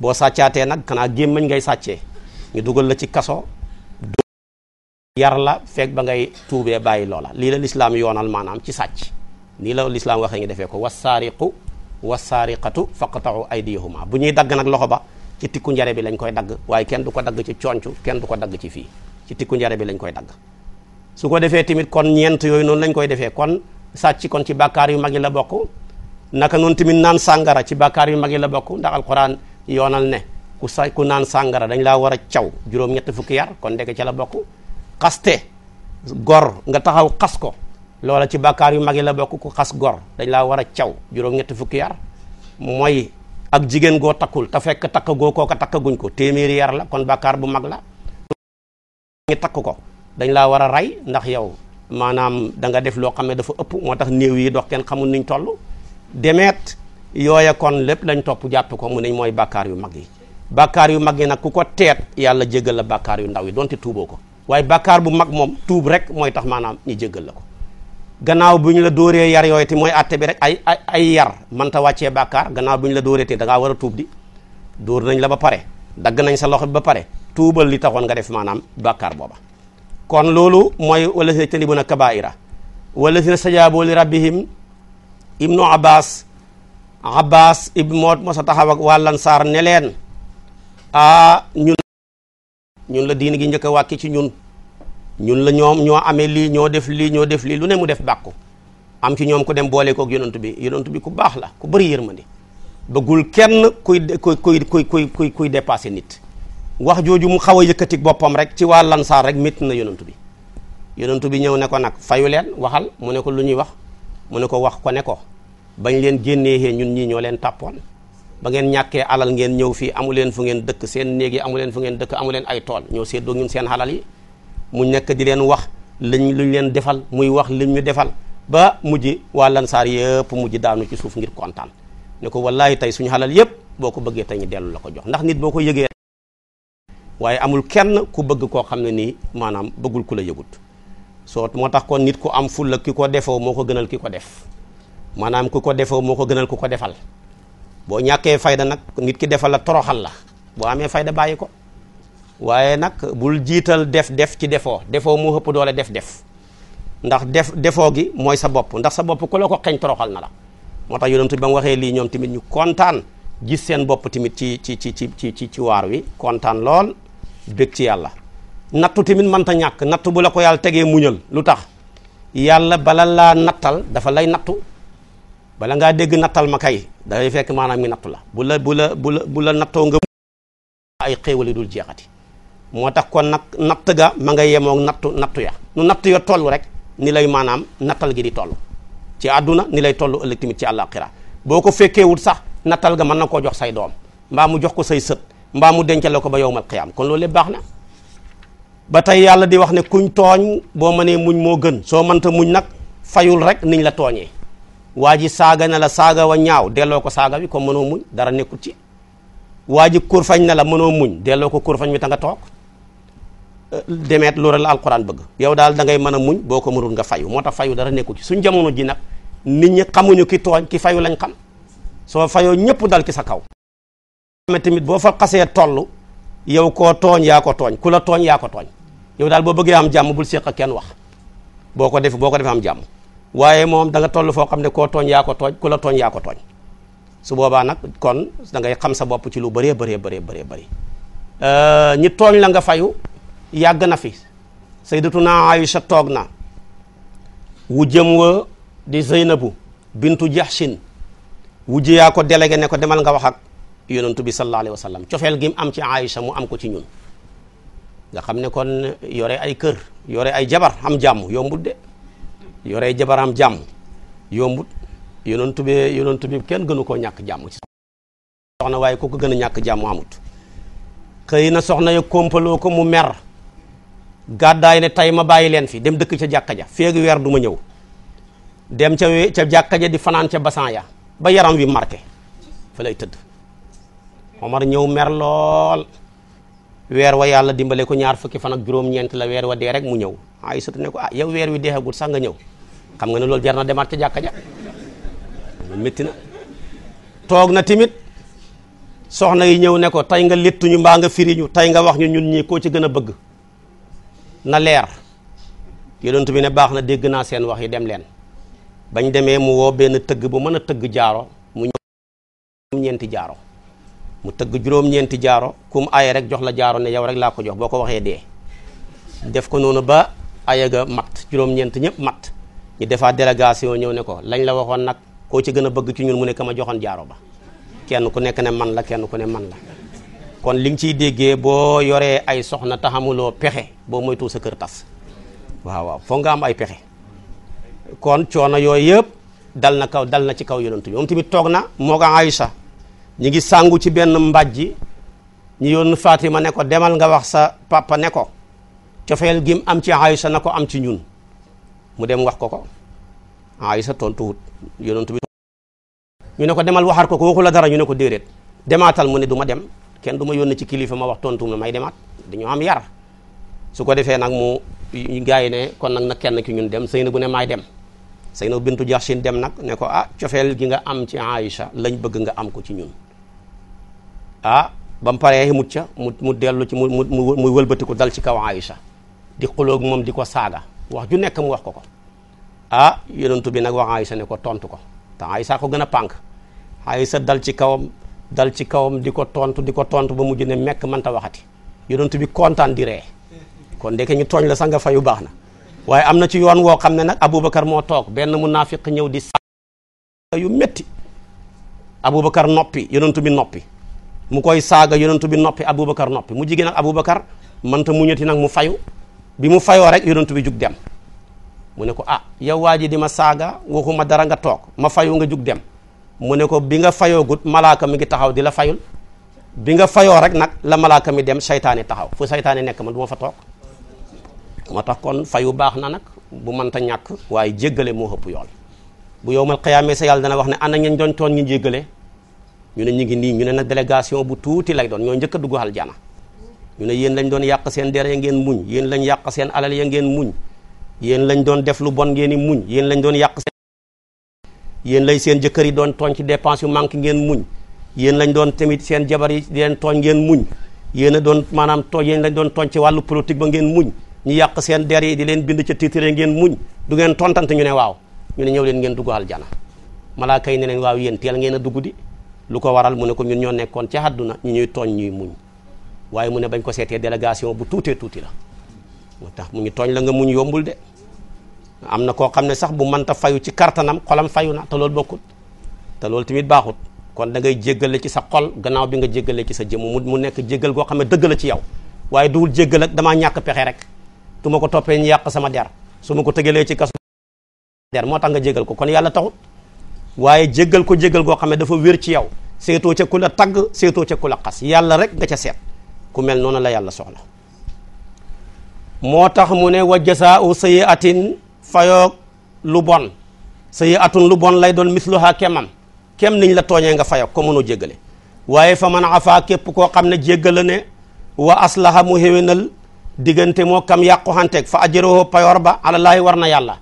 boo sàccaatee nag kanaa gémmañ ngay sàccee ñu dugal la ci kaso yar la fekk ba ngay tuubee bàyyi loola lii la lislaam yoonal maanaam ci sàcc nii la lislaam waxee ñu defee ko wasaariqu ay faqta'u aydiyahuma bu ñuy dagg nag loxo ba ci tikku njare bi lañ koy dagg waaye kenn du ko dagg ci concu kenn du ko dagg ci fii ci tikku njare bi lañ koy dagg su ko defee tamit kon ñeent yooyu noonu lañ koy defee kon sàcc kon ci bàkkaar yu mag yi la bokk naka noonu tamit naan sàngara ci bàkkaar yu mag yi la bokk ndax alquran yoonal ne ku sa naan sàngara dañ laa war a caw juróom-ñett fukki yar kon ndeke ca la bokk xaste gor nga taxaw xas ko loola ci bàkkaar yu mag yi la bokk ku xas gor dañ laa war a caw juróom-ñetti fukki yar mooy ak jigéen goo takkul te fekk takk goo kooka takkaguñ ko téeméeri yar la kon bakkaar bu mag la ngi takk ko dañ laa war a rey ndax yow maanaam danga def loo xam ne dafa ëpp moo tax néew yi dox kenn xamul niñ toll demeet yooya kon lépp lañ topp jàpp ko mu ne mooy bàkkaar yu mag yi bakkaar yu mag yi nag ku ko teet yàlla jégal la bàkkaar yu ndaw yi donte tuuboo ko waaye bakkaar bu mag moom tuub rek mooy tax maanaam ñu jéggal la ko gannaaw bu ñu la dóoree yar yooyu te mooy àtte bi rek ay ay ay yar mënta wàccee bàkkaar gannaaw bu ñu la dóoree te da ngaa war a tuub di dóor nañ la ba pare dagg nañ sa loxo bi ba pare tuubal li taxoon nga def maanaam bàkkaar booba kon loolu mooy wala si tani bu na kabaira wala si sajaabu li rabbihim ibnu abbas abbas ibnu moot mosa taxaw ak wàllan saar ne leen a ñun ñun la diini gi njëkk a ci ñun ñun la ñoom ñoo amee lii ñoo def lii ñoo def lii lu ne mu def bàkku am ci ñoom ku dem boole kook yonent bi yënantu bi ku baax la ku bari bëri yërmande bëggul kenn kuy kuy kuy kuy kuy kuy kuy dépassé nit wax jooju mu xaw a yëkkati boppam rek ci waa lansaar rek métti na yonent bi yonent bi ñëw ne ko nag fayu leen waxal mu ne ko lu ñuy wax mu ne ko wax ko ne ko bañ leen génnee ñun ñii ñoo leen tàppoon ba ngeen ñàkkee alal ngeen ñëw fii amu leen fu ngeen dëkk seen néeg yi amu leen fu ngeen dëkk amu leen ay tool ñoo séddoo ñun seen xalal yi mu nekk di leen wax liñ luñ leen defal muy wax liñ ñu defal ba mujj waa lansaar yëpp mujj daanu ci suuf ngir kontaan ne ko wallahi tey suñu xalal yëpp boo ko bëggee tey ñu dellu la ko jox ndax nit boo ko yëgee waaye amul kenn ku bëgg koo xam ne nii maanaam bëggul ku la yëgut soo moo tax kon nit ku am fulla ki ko defoo moo ko gënal ki ko def maanaam ku ko defoo moo ko gënal ku ko defal boo ñàkkee fayda nag nit ki defal la toroxal la boo amee fayda bàyyi ko waaye nag bul jiital def-def ci defoo defoo moo ëpp doole def-def ndax def defoo gi mooy sa bopp ndax sa bopp ku la ko xeñ toroxal na la moo tax yonent bi ba mu waxee lii ñoom tamit ñu kontaan gis seen bopp tamit ci ci ci ci ci ci waar wi kontaan lool bég ci yàlla nattu tamit mënta ñàkk nattu bu la ko yàlla tegee muñal lu tax yàlla bala laa nattal dafa lay nattu bala ngaa dégg nattal ma kay dafay fekk maanaam mi nattu la bu la bu la bu la bu la nattoo nga ay xéewal yi dul jeexati moo tax ko nag natt ga ma nga yemoog nattu nattu ya nu natt ya toll rek ni lay maanaam nattal gi di toll ci àdduna ni lay toll ëllëg tamit ci àllaaxira boo ko fekkeewul sax nattal ga mën na koo jox say doom mbaa mu jox ko say sët mbaa mu dencal ko ba yow yowmal qiyaam kon loolu lépp baax na ba tey yàlla di wax ne kuñ tooñ boo mënee muñ moo gën soo mënta muñ nag fayul rek niñ la tooñee waa ji saaga na la saaga wa ñaaw delloo ko saaga bi comme mënoo muñ dara nekkul ci waa ji kurfañ na la mënoo muñ delloo ko kurfañ mi ta nga toog euh, demeet loolu la alquran bëgg yow daal da ngay mën a muñ boo ko mënul nga fayu moo tax fayu dara nekkul ci suñ jamono ji nag nit ñi xamuñu ki tooñ ki fayu lañ xam soo fayoo ñëpp dal ci sa kaw mais tamit boo fa kasee toll yow koo tooñ yaa ko tooñ ku la tooñ yaa ko tooñ yow daal boo bëggee am jàmm bul séq ak kenn wax boo ko def boo ko defee am jàmm waaye moom danga nga toll foo xam ne koo tooñ yaa ko tooñ ku la tooñ yaa ko tooñ su boobaa nag kon da xam sa bopp ci lu bëree bëree bëree bëree bëri euh, ñi tooñ la nga fayu yàgg na fi sayyidatuna Aïcha toog na wu jëm wa di Zeynabu bintu Jahshin wujje yaa ko délégué ne ko demal nga wax ak yonentu bi sallallahu alayhi wa cofeel gi mu am ci Aïcha mu am ko ci ñun nga xam ne kon yore ay kër yore ay jabar am jàmm yombul de yore jabaram jàmm yombut yonentu bi yonentu bi kenn gënu koo ñàkk jàmm ci soxna waaye ku ko gën a ñàkk jàmm amut xëy na soxna ya kompaloo ko mu mer gàddaay ne tey ma bàyyi leen fi dem dëkk ca jàkka ja feegi weer du ma ñëw dem ca ca jàkka ja di fanaan ca basan ya ba yaram wi marke fa lay tëdd Omar ñëw mer lool weer wa yàlla dimbale ko ñaar fukki fan ak juróom-ñeent la weer wa dee rek mu ñëw Aysatu ne ko ah yow weer wi deexagul sax nga ñëw xam nga ne loolu jar na demaat ca jàkka ja loolu métti na toog na timit soxna yi ñëw ne ko tey nga léttuñu mbaa nga firiñu tey nga wax ñu ñun ñii koo ci gën a bëgg na leer yonent bi ne baax na dégg naa seen wax yi dem leen bañ demee mu woo benn tëgg bu mën a tëgg jaaro mu ñëw ñeenti jaaro mu tëgg juróom-ñeenti jaaro kum aye rek jox la jaaro ne yow rek laa ko jox boo ko waxee dee def ko noonu ba aye ga mat juróom-ñeent ñëpp mat ñu defaat délégation ñëw ne ko lañ la waxoon nag koo ci gën a bëgg ci ñun mu ne ka ma joxoon jaaro ba kenn ku nekk ne man la kenn ku ne man la kon li nga ciy déggee boo yoree ay soxna taxamuloo pexe boo moytu sa kër tas waaw waaw foog nga am ay pexe kon coono yooyu yëpp dal na kaw dal na ci kaw yonantu bi moom tamit toog na moo ko Aïcha ñi ngi sangu ci benn mbàjji ñu yónn Fatima ne ko demal nga wax sa papa ne ko cofeel gim am ci Aïcha na ko am ci ñun mu dem wax ko ko Aysa tontuwut yonentu bi ñu ne ko demal waxaat ko ko waxu la dara ñu ne ko déedéet demaatal mu ne du ma dem kenn du ma yónni ci kilifa ma wax tontu ma may demaat dañoo am yar su ko defee nag mu gars yi ne kon nag na kenn ki ñun dem na bu ne maay dem Seynabu bintu Jaxsin dem nag ne ko ah cofeel gi nga am ci Aysa lañ bëgg nga am ko ci ñun ah ba mu paree mut ca mu mu dellu ci mu mu mu ku dal ci kaw Aysa di xulóog moom di ko saaga wax ju nekk mu wax ko ko ah yonentu bi nag wax Aysa ne ko tontu ko te Aysa ko gën a pànk Aysa dal ci kawam dal ci kawam di ko tontu di ko tontu ba mujj ne mekk mënta waxati yonentu bi kontaan di ree kon ndeke ñu tooñ la sax nga fayu baax na waaye am na ci yoon woo xam ne nag Aboubacar moo toog benn munaafiq ñëw di saaga yu métti Aboubacar noppi yonentu bi noppi mu koy saaga yonentu bi noppi Aboubacar noppi mu jigéen nag Aboubacar mënta muñati nag mu fayu bi mu fayoo rek yonent bi jug dem mu ne ko ah yow waa ji di ma saaga waxuma dara nga toog ma fayu nga jug dem mu ne ko bi nga fayoo gut malaakam mi ngi taxaw di la fayul bi nga fayoo rek nag la malaaka mi dem saytaane taxaw fu saytaane nekk ma du fa toog moo tax kon fayu baax na nag bu mënta ñàkk waaye jéggale moo ëpp yool bu yow mal xayaamee sa yàlla dana wax ne ana ñañ doon toon ñu jéggale ñu ne ñu ngi ñu ne nag délégation bu tuuti lay doon ñoo njëkk a dugg aljana ñu ne yéen lañ doon yàq seen der ngeen muñ yéen lañu yàq seen alal ya ngeen muñ yéen lañ doon def lu bon ngeen di muñ yéen lañ doon yàq seen yéen lay seen jëkkër yi doon tooñ ci dépense yu manque ngeen muñ yéen lañ doon tamit seen jabar yi di leen tooñ ngeen muñ yéen a doon maanaam tooñ yéen lañ doon tooñ ci wàllu politique ba ngeen muñ ñu yàq seen der yi di leen bind ca titre ngeen muñ du ngeen tontante ñu ne waaw ñu ne ñëw leen ngeen dugg aljana malaaka yi ne leen waaw yéen teel ngeen a dugg di lu ko waral mu ne ko ñun ñoo nekkoon ci àdduna ñu ñuy tooñ ñuy muñ waaye mu ne bañ ko seetee délégation bu tuutee tuuti la moo tax mu ñu tooñ la nga muñ yombul de am na koo xam ne sax bu mënta fayu ci kartanam xolam fayu na te loolu bokkut te loolu tamit baaxut kon da ngay jéggale ci sa xol gannaaw bi nga jéggale ci sa jëmm mu mu nekk jéggal goo xam ne dëgg la ci yow waaye duwul jéggal ak damaa ñàkk pexe rek su ma ko toppee ñu yàq sama der su ma ko tëgalee ci kasu der moo tax nga jégal ko kon yàlla taxut waaye jéggal ko jéggal goo xam ne dafa wér ci yow seetoo ca ku la tagg seetoo ca ku la xas yàlla rek nga ca seet ku mel noonu la yàlla soxla moo tax mu ne wa jasaau sayi atin fayoog lu bon sayi atun lu bon lay doon misluha kemam kem niñ la tooñee nga fayoog ko mënu jéggale waaye fa man afaa képp koo xam ne jéggala ne wa aslaha mu xéwénal diggante moo kam yàquxanteeg fa ajëroo payoor ba alalaahi war na yàlla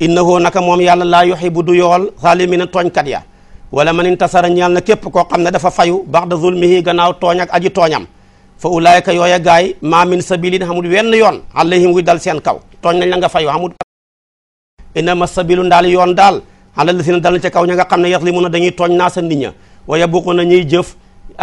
innahu naka moom yàlla laa yuhibbu du yool zaalimina tooñkat ya wala man intasara ñeel na képp koo xam ne dafa fayu ba'da zulmihi gannaaw tooñ ak aji tooñam fa ulaayka yooya gaay ma min sabilin xamul wenn yoon alayhim wuy dal seen kaw tooñ nañ la wa fayu xamul inama sabilu daal yoon daal ala lasina dal na ca kaw ña nga xam ne na dañuy tooñ naa sa nit ña wa yabuquna ñuy jëf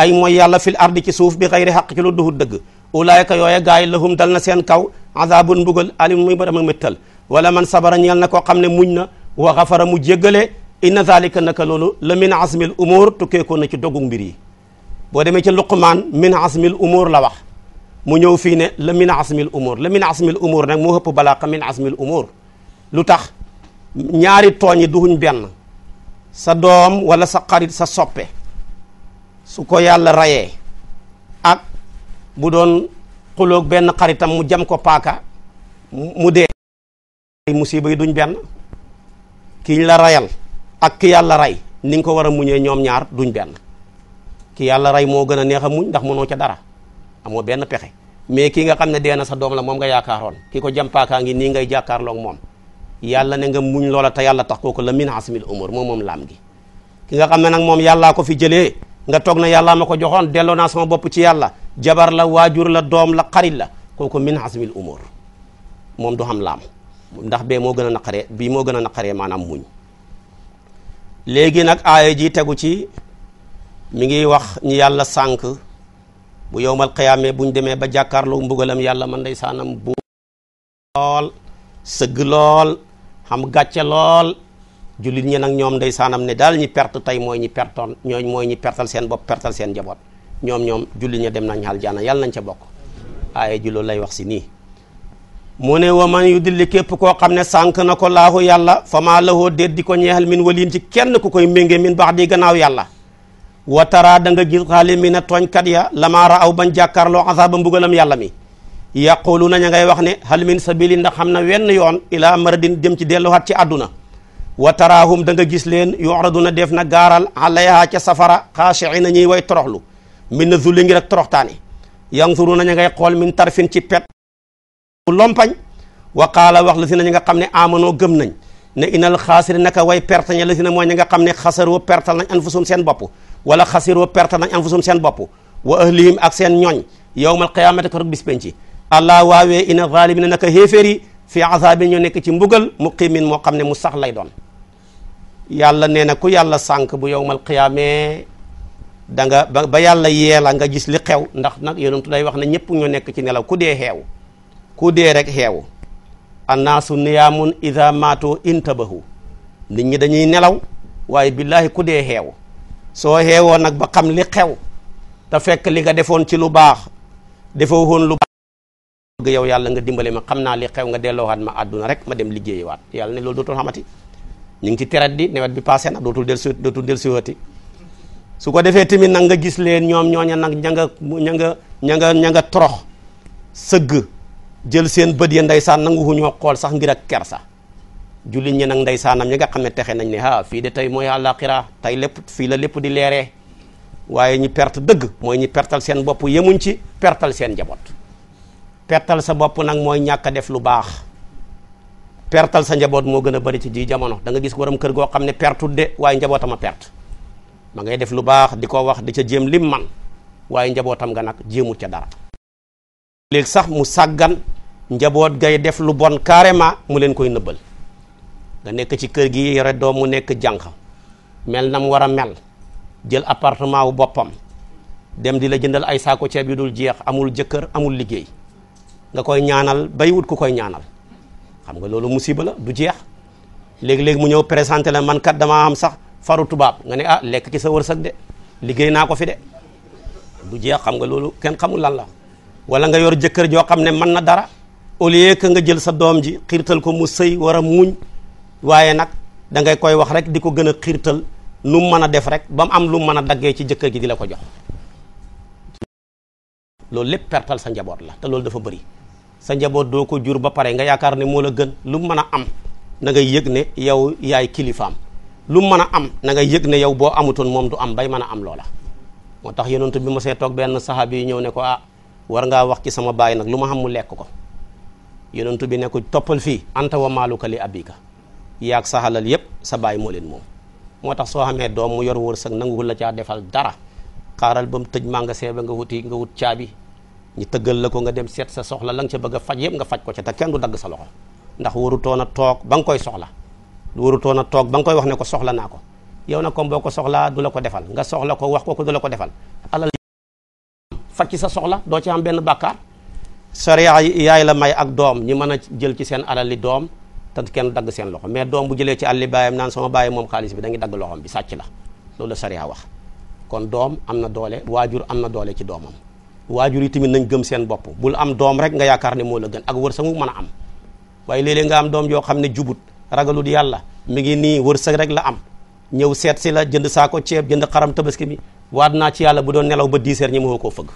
ay mooy yàlla fi ardi ci suuf bi xayri xaq ci lu duhul dëgg ulaayka yooya gaay lahum dal na seen kaw azabun mbugal alim muy barama méttal wala man sabara ñeel na koo xam ne muñ na wa xafara mu jéggale inna zalika naka loolu la min azmil umur tukkeekoo na ci dogu mbir yi boo demee ci luqmaan min asmil umur la wax mu ñëw fii ne la min asmil umur la min asmil umur nag moo ëpp balaaqa min asmil umur lu tax ñaari tooñ yi duhuñ benn sa doom wala sa xarit sa soppe su ko yàlla rayee ak bu doon xuloog benn xaritam mu jam ko paaka mu dee musiba yi duñ benn kiñ la rayal ak ki yàlla rey ni nga ko war a muñee ñoom ñaar duñ benn ki yàlla rey moo gën a neex a muñ ndax mënoo ca dara amoo benn pexe mais ki nga xam ne dee na sa doom la moom nga yaakaaroon ki ko jàmpaakaa ngi nii ngay jàkkaarloog moom yàlla ne nga muñ loola ta yàlla tax kooku la min asmil umur moom moom laam gi ki nga xam ne nag moom yàllaa ko fi jëlee nga toog na yàllaa ma ko joxoon delloo naa sama bopp ci yàlla jabar la waajur la doom la xarit la kooku min asmil umur moom du xam laam ndax bee moo gën a naqaree bii moo gën a maanaam muñ mi ngi wax ñi yàlla sànk bu yowmal bu ñu demee ba jàkkaarloo mbugalam yàlla man day saanam bu lool sëgg lool xam gàcce lool jullit ñi nag ñoom ndeysaanam ne daal ñi perte tey mooy ñi ñooñ mooy ñi pertal seen bopp pertal seen njaboot ñoom ñoom jullit ñi dem nañ aljana yàlla nañ ca bokk aaye ju loolu lay wax si nii mu ne wa man yu dilli képp koo xam ne sànq na ko laahu yàlla fa maa lahoo déet di ko ñeexal min waliin ci kenn ku koy ménge min baax di gannaaw yàlla wa tara da nga gis xaalimina tooñkat ya lama raaw bañ jàkkaarloo asaaba mbugalam yàlla mi yaquluuna ña ngay wax ne hal min sabili ndax xam na wenn yoon a maradin jëm ci delluwaat ci àdduna wa taraahum da nga gis leen na def na gaaral alayha ca safara na ñuy way toroxlu min na zulli ngi rek toroxtaane yanzuruna ña ngay xool min tarfin ci pet lompañ wa qaala wax la si na ñi nga xam ne amanoo gëm nañ na inal xaasiri naka way perte ña la si na mooy ñi nga xam ne xasaroo pertal nañ anfusum seen bopp wala xasiroo perte nañ am seen bopp wa ahlihim ak seen ñooñ yawmal qiyaamati ko rek bis penci allah waawee ina zaalimiina na xéeféer yi fi azaabin ñu nekk ci mbugal muqimin moo xam ne mu sax lay doon yàlla nee na ku yàlla sànq bu yawmal qiyaamee da nga ba ba yàlla yeela nga gis li xew ndax nag yonentu day wax na ñëpp ñu nekk ci nelaw ku dee xeew ku dee rek xeew annaasu niyaamun iza maato intabahu nit ñi dañuy nelaw waaye billaahi ku dee xeew soo xeewoo nag ba xam li xew te fekk li nga defoon ci lu baax defoo woon lu baax yow yàlla nga dimbale ma xam naa li xew nga delloowaat ma àdduna rek ma dem liggéeyiwaat yàlla ne loolu dootul xamati ñu ngi ci terat di nawet bi passé na dootul del si dootul del siwati su ko defee tamit nag nga gis leen ñoom ñooña nag ña nga ña nga ña ña nga torox sëgg jël seen bët ya ndeysaan nangu hu ñoo xool sax ngir ker sax jullit ñi nag ndeysaanam ñi nga xam ne texe nañ ni ah fii de tey mooy àllaaxira tey lépp fii la lépp di leeree waaye ñi perte dëgg mooy ñi pertal seen bopp yemuñ ci pertal seen njaboot pertal sa bopp nag mooy ñàkk def lu baax pertal sa njaboot moo gën a bari ci ji jamono da nga gis borom kër goo xam ne pertut de waaye njabootam a perte ma ngay def lu baax di ko wax di ca jéem lim man waaye njabootam nga nag jéemut ca dara léegi sax mu sàggan njaboot gay def lu bon carrément mu leen koy nëbbal nga nekk ci kër gi yore doom mu nekk jànq mel na mu war a mel jël appartement wu boppam dem di la jëndal ay saako ceeb yu dul jeex amul jëkkër amul liggéey nga koy ñaanal bay wut ku koy ñaanal xam nga loolu musiba la du jeex léegi-léegi mu ñëw présenté la man kat damaa am sax faru tubaab nga ne ah lekk ci sa wërsëg de liggéey naa ko fi de du jeex xam nga loolu kenn xamul lan la wala nga yor jëkkër joo xam ne mën na dara au lieu nga jël sa doom ji xiirtal ko mu sëy war a muñ waaye nag da ngay koy wax rek di ko gën a xiirtal nu mu mën a def rek ba mu am lu mu mën a daggee ci jëkkër gi di la ko jox loolu lépp pertal sa njaboot la te loolu dafa bëri sa njaboot doo ko jur ba pare nga yaakaar ne moo la gën lu mu mën a am na ngay yëg ne yow yaay kilifaam lu mu mën a am na ngay yëg ne yow boo amutoon moom du am bay mën a am loola moo tax yonentu bi ma see toog benn saxaabi yi ñëw ne ko ah war ngaa wax ci sama baay nag lu ma xam mu lekk ko yonentu bi ne toppal fii anta wa maaluka li abika yaag sa xalal yépp sa baay moo leen moom moo tax soo xamee doom mu yor wërsëg nanguwul la caa defal dara xaaral ba mu tëj ba nga wuti nga wut caabi ñu tëggal la ko nga dem seet sa soxla la nga ca bëgg a faj yépp nga faj ko ca te kenn du dagg sa loxo ndax warutoon a toog ba nga koy soxla warutoon a toog ba nga koy wax ne ko soxla naa ko yow na comme boo ko soxlaa du la ko defal nga soxla ko wax ko ko du la ko defal alal sa soxla doo ci am benn bàkkaar sariya yaay la may ak doom ñi mën a jël ci seen te kenn dagg seen loxo mais doom bu jëlee ci àlli baayam naan sama baay moom xaalis bi dañuy dagg loxoom bi sàcc la loolu la sariya wax kon doom am na doole waajur am na doole ci doomam waajur yi tamit nañ gëm seen bopp bul am doom rek nga yaakaar ne moo la gën ak wërsëg mu mën a am waaye léeg nga am doom yoo xam ne jubut ragalut yàlla mi ngi nii wërsëg rek la am ñëw seet si la jënd saako ceeb jënd xaram tabaski bi waat naa ci yàlla bu doon nelaw ba 10 heures ñi koo fëgg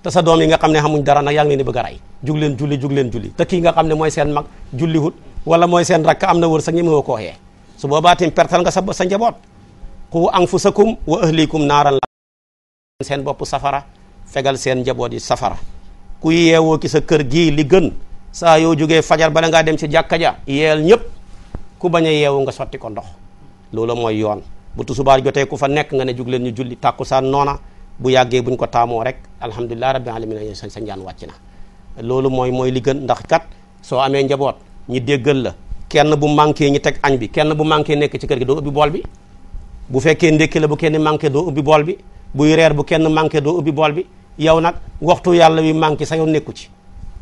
te sa doom yi nga xam ne xamuñ dara nag yaa ngi leen di bëgg a rey julli jug julli te nga xam ne mooy seen mag julliwut wala mooy seen rakk am na wër sa ñemewoo koo xee su boobaa tim pertal nga sa sa njaboot qu anfusakum wa ahlikum naaran la seen bopp safara fegal seen njaboot yi safara ku yewoo ki sa kër gii li gën sa yow jógee fajar bala ngaa dem si jàkka ja yeel ñëpp ku bañ a yeewu nga sotti ko ndox loolu mooy yoon bu tusubaar jotee ku fa nekk nga ne jug leen ñu julli tàkkusaan noona bu yàggee bu ñu ko taamoo rek alhamdulilah rabbil alamin sa sa njaan wàcc na loolu mooy mooy li gën ndax kat soo amee njaboot ñi déggal la kenn bu manqué ñi teg añ bi kenn bu manqué nekk ci kër gi doo ubbi bool bi bu fekkee ndékki la bu kenn manqué doo ubbi bool bi buy reer bu kenn manqué doo ubbi bool bi yow nag waxtu yàlla wi manqué sa yow nekku ci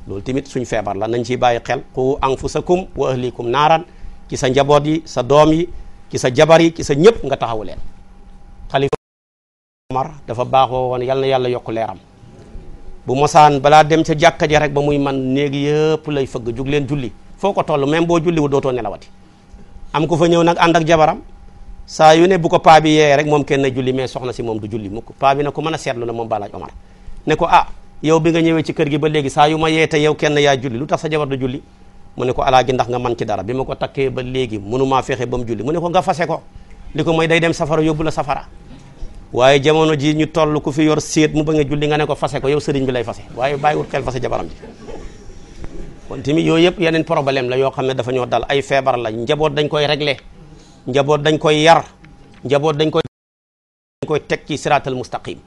loolu tamit suñ feebar la nañ ciy bàyyi xel qu anfusakum wa ahlikum naaral ci sa njaboot yi sa doom yi ci sa jabar yi ci sa ñëpp nga taxawu leen Omar dafa baaxoo woon yal na yàlla yokk leeram bu mosaan balaa dem sa jàkka ja rek ba muy man néeg yëpp lay fëgg jug leen julli foo ko toll même boo julli wu dootoo nelawati am ko fa ñëw nag ànd ak jabaram saa yu ne bu ko paa bi yee rek moom kenn na julli mais soxna si moom du julli mukk ko bi na ko mën a seetlu la moom Balaaj Omar ne ko ah yow bi nga ñëwee ci kër gi ba léegi saa yu ma yee te yow kenn yaa julli lu tax sa jabar du julli mu ne ko alaaji ndax nga man ci dara bi ma ko takkee ba léegi mënumaa fexe ba mu julli mu ne ko nga fase ko li ko mooy day dem safara yóbbu la safara waaye jamono ji ñu toll ku fi yor séet mu bëgg a julli nga ne ko fase ko yow sëriñ bi lay fase waaye bàyyiwut xel fase jabaram ji kon tamit yooyu yëpp yeneen problème la yoo xam ne dafa ñoo dal ay feebar la njaboot dañ koy régler njaboot dañ koy yar njaboot dañ koy dañ koy teg ci siraatal mustaqim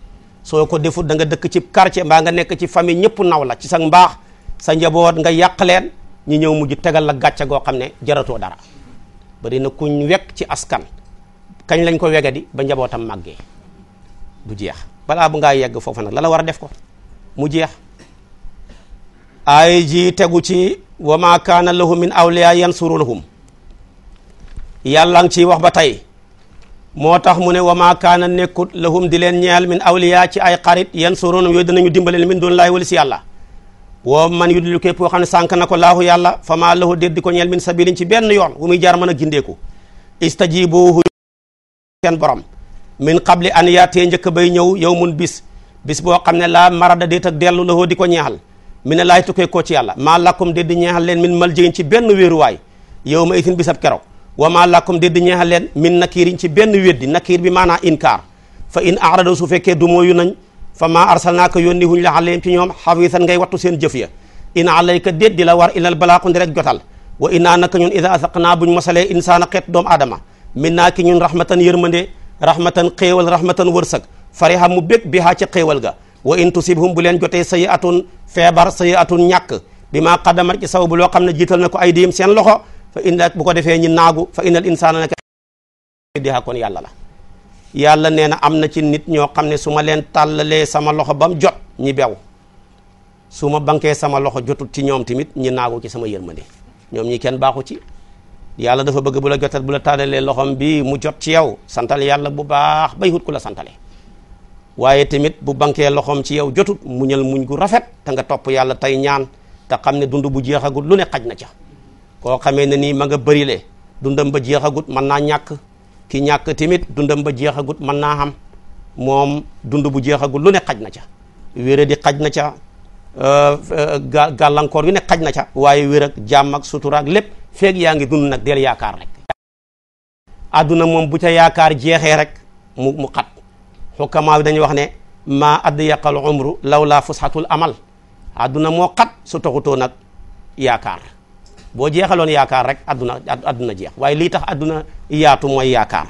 soo ko defut da nga dëkk ci quartier mbaa nga nekk ci famille ñëpp naw la ci sa mbaax sa njaboot nga yàq leen ñi ñëw mujj tegal la gàcce goo xam ne jaratoo dara bari na kuñ wekk ci askan kañ lañ ko wegadi ba njabootam màggee du jeex balaa bu ngaa yegg foofu nag lala war a def ko mu jeex ji tegu ci wa ma kaana lahum min awliya yansurunahum yàlla ngi ciy wax ba tey moo tax mu ne wa ma kaana nekkut lahum di leen ñeel min awliya ci ay xarit yansurunahum yooyu danañu dimbaleen min doon laay wali si yàlla woo man yu dul képp koo xam ne sànk na ko laahu yàlla fa maa lahu déet di ko ñeel min sabilin ci benn yoon wu muy jaar mën a gindeeku istajibuhu seen borom min qabli an yaatee njëkk bay ñëw yow mun bis bis boo xam ne laa marada déet ak dellu la woo di ko ñeexal mi ne laay tukkee koo ci yàlla maa lakkum déet di ñeexal leen min mal jigéen ci benn yow ma itin bisab keroog wa maa lakkum déet di ñeexal leen min nakiiriñ ci benn weddi nakiir bi maanaa inkaar fa in arado su fekkee dumooyu nañ fa maa arsalnaaka yónni huñ la alayhim ci ñoom xafiisan ngay wattu seen jëf ya in alayka déet di la war ilal balaaku ndi rek jotal wa innaa naka ñun ida asaqnaa buñ mosalee insaana xeet doomu aadama min naa ki ñun rahmatan rahmatan xéewal rahmatan wërsëg fariha mu bég bihaa ca xéewal ga wa in tusibhum bu leen jotee sayi atun feebar sayi atun ñàkk bi maa qaddamat ci sababu loo xam ne jiital na ko ay diim seen loxo fa inna bu ko defee ñi naagu fa innal insaana naka diha kon yàlla la yàlla nee na am na ci nit ñoo xam ne su ma leen tàllalee sama loxo ba jot ñi bew suma bankee sama loxo jotut ci ñoom tamit ñi naagu ci sama yërmande ñoom ñi kenn baaxu ci yàlla dafa bëgg bu la jotal bu la taalalee loxom bii mu jot ci yow santal yàlla bu baax bay hut ku la santale waaye tamit bu bankee loxom ci yow jotut muñal muñ gu rafet te nga topp yàlla tey ñaan te xam ne dund bu jeexagut lu ne xaj na ca koo xamee nii ma nga bërile dundam ba jeexagut mën naa ñàkk ki ñàkk tamit dundam ba jeexagut mën naa xam moom dund bu jeexagut lu ne xaj na ca wéere di xaj na ca euh, euh, gàllankoor yu ne xaj na ca waaye wér ak jàmm suturaak lépp feeg yaa ngi dund nag del yaakaar rek adduna moom bu ca yaakaar jeexee rek mu mu xat xukamaa bi dañuy wax ne maa add yàqal umru law laa fusxatul amal adduna moo xat su taxutoo nag yaakaar boo jeexaloon yaakaar rek adduna adduna jeex waaye lii tax adduna yaatu mooy yaakaar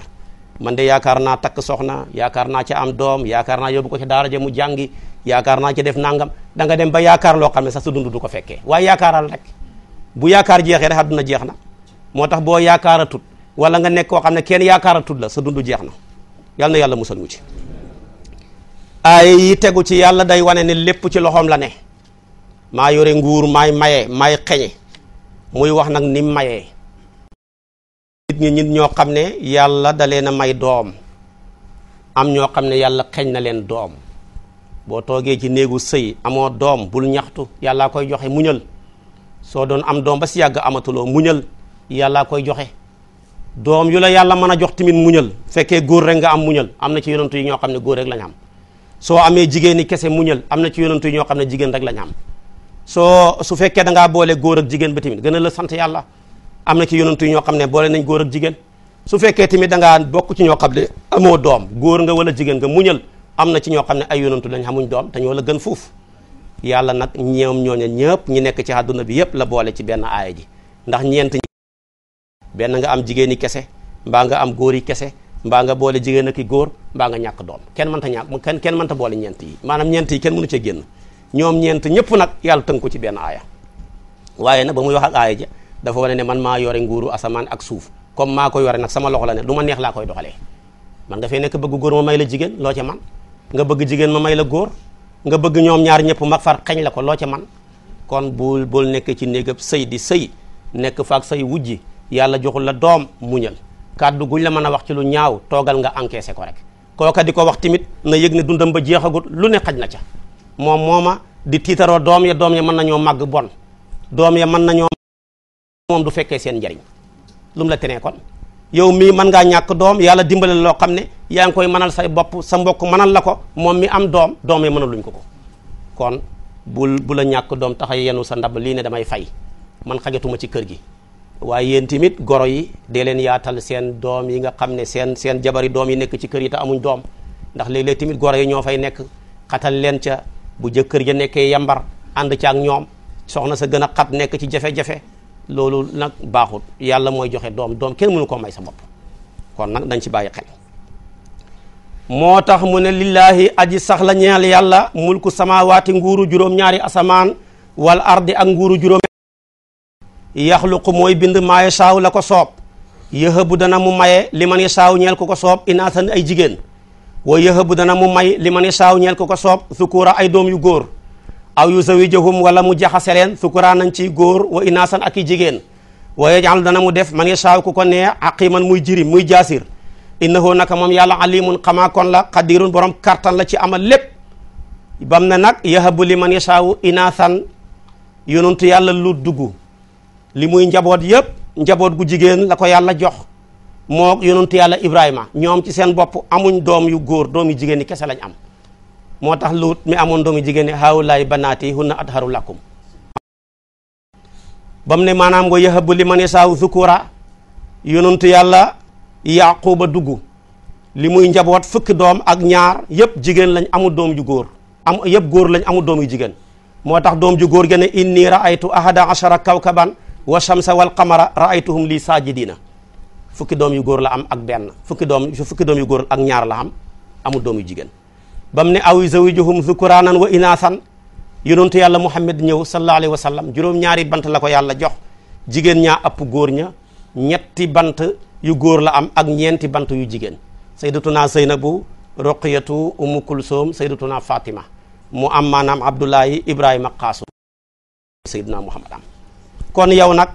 man de yaakaar naa takk soxna yaakaar naa ca am doom yaakaar naa yóbbu ko ca daara ja mu jàngi yaakaar naa ca def nangam da nga dem ba yaakaar loo xam ne sax su dund du ko fekkee waaye yaakaaral rek bu yaakaar jeexee rek àdduna jeex na moo tax boo yaakaar a tut wala nga nekk koo xam ne kenn yaakaar a tut la sa dund jeex na yal na yàlla musal ñu ci aaya tegu ci yàlla day wane ne lépp ci loxoom la ne maa yore nguur maay maye may xeñe muy wax nag ni mayee nit ñi ñoo xam ne yàlla dalee na may doom am ñoo xam ne yàlla xeñ na leen doom boo toogee ci néegu sëy amoo doom bul ñaxtu yàllaa koy joxe muñal soo doon am doom ba si yàgg amatuloo muñal yàllaa koy joxe doom yu la yàlla mën a jox tamit muñal fekkee góor rek nga am muñal am na ci yonantu yi ñoo xam ne góor rek am soo amee jigéen ñi kese muñal am na ci yonantu yi ñoo xam ne jigéen rek lañ am soo su fekkee da ngaa boole góor ak jigéen ba tamit gën la sant yàlla am na ci yonantu yi ñoo xam ne boole nañ góor ak jigéen su fekkee tamit bokk ci ñoo xam ne amoo doom góor nga wala jigéen nga muñal am na ci ñoo xam ne ay yonantu lañ xamuñ doom te ñoo la gën fuuf yàlla nag ñoom ñooña ñëpp ñu nekk ci àdduna bi yëpp la boole ci benn aaya ji ndax ñeent ñi benn nga am jigéeni kese mbaa nga am góor yi kese mbaa nga boole jigéen ak i góor mbaa nga ñàkk doom kenn mënta ñàkk kenn kenn mënta boole ñeent yi maanaam ñeent yi kenn mënu cee génn ñoom ñeent ñëpp nag yàlla tëng tënku ci benn aaya waaye nag ba mu wax ak aaya ja dafa wane ne man maa yore nguuru asamaan ak suuf comme maa ko yore nag sama loxo la ne lu ma neex laa koy doxalee man nga ma la jigéen loo ca man nga bëgg jigéen ma may la góor nga bëgg ñoom ñaar ñëpp mag far xeñ la ko loo ca man kon bul bul nekk ci néegam sëy di sëy nekk faak say wujj yàlla joxul la doom muñal kàddu guñ la mën a wax ci lu ñaaw toogal nga encaissé ko rek kooka di ko wax tamit na yëg ne dundam ba jeexagut lu ne xaj na ca moom mooma di tiitaroo doom ya doom ya mën nañoo màgg bon doom ya mën nañoo moom du fekkee seen njariñ lu mu la tenee kon yow mii mën ngaa ñàkk doom yàlla dimbale loo xam ne yaa ngi koy mënal say bopp sa mbokk mënal la ko moom mi am doom doom yi luñ ko ko kon bul bu la ñàkk doom tax a sa ndab lii ne damay fay man xajatuma ci kër gi waaye yéen tamit goro yi dee leen yaatal seen doom yi nga xam ne seen seen jabari doom yi nekk ci kër gi te amuñ doom ndax léeg-léeg tamit goro yi ñoo fay nekk xatal leen ca bu jëkkër ja nekkee yambar ànd ca ak ñoom soxna sa gën a xat nekk ci jafe loolu nag baaxut yàlla mooy joxe doom doom kenn mënu koo may sa bopp kon nag dañ si bàyyi xel moo tax mu ne lillaahi aji sax la ñeel yàlla mulku waati nguuru juróom-ñaari asamaan wal ardi ak nguuru juróom yaxluqu mooy bind maa yasaaw la ko soob yëhëbu dana mu maye li man yasaaw ñeel ko ko soob inaasan ay jigéen wa yëhëbu dana mu may li man yasaaw ñeel ko ko soob sukuura ay doom yu góor aw yuzawijahum walla mu jaxase leen sukuraanan ci góor wa inaasan ak i jigéen wa yajal dana mu def man yashaaw ku ko nee man muy jirim muy jaasir innahu naka moom yàlla alimun xamaa kon la xadirun borom kartan la ci amal lépp na nag yahabu li man yashaaw inaasan yonentu yàlla lu dugg li muy njaboot yëpp njaboot gu jigéen la ko yàlla jox moo yonentu yàlla Ibrahima ñoom ci seen bopp amuñ doom yu góor doom yu jigéen yi kese lañ am moo tax luut mi amoon doomi jigéen ne haawulaay banaati hunna atharu lakum ba mu ne maanaam nga yahabu li man yasaawu zukura yonentu yàlla yaquba dugg li muy njaboot fukki doom ak ñaar yëpp jigéen lañ amul doom ju góor am yëpp góor lañ amul doom yu jigéen moo tax doom ju góor gene inni aytu ahada ashara kawkaban wa shamsa wal qamara raaytuhum li sajidina fukki doom yu góor la am ak benn fukki doom fukki doom yu góor ak ñaar la am amul doom yu jigéen ba mu ne aw zawijuhum zukuraanan wa inaasan yonentu yàlla Muhammad ñëw sallallahu alayhi wa sallam juróom-ñaari bant la ko yàlla jox jigéen ñaa ëpp góor ña ñetti bant yu góor la am ak ñeenti bant yu jigéen sayyidatuna Zeynabu Roqiyatu Umu Kulsoom sayyidatuna Fatima mu am maanaam Abdullahi Ibrahima Qaasu sayyidina Muhammad am kon yow nag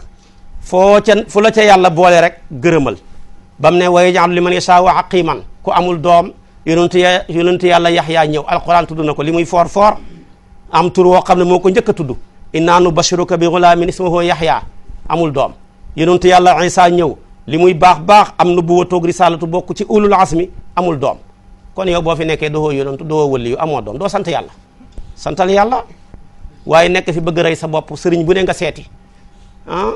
foo ca fu la ca yàlla boole rek gërëmal ba mu ne wa yaj'alu liman yashaa'u aqiiman ku amul doom yonentu ya yonentu yàlla yaxyaa ñëw alquran tudd na ko li muy foor foor am tur woo xam ne moo ko njëkk a tudd innaa nubashiruka bi ghulaamin ismuhu yaxyaa amul doom yonentu yàlla isa ñëw li muy baax baax am nubuwa toog tu bokk ci ulul asmi amul doom kon yow boo fi nekkee doo yonentu doo wëli yu amoo doom doo sant yàlla santal yàlla waaye nekk fi bëgg rey sa bopp sëriñ bu ne nga seeti ah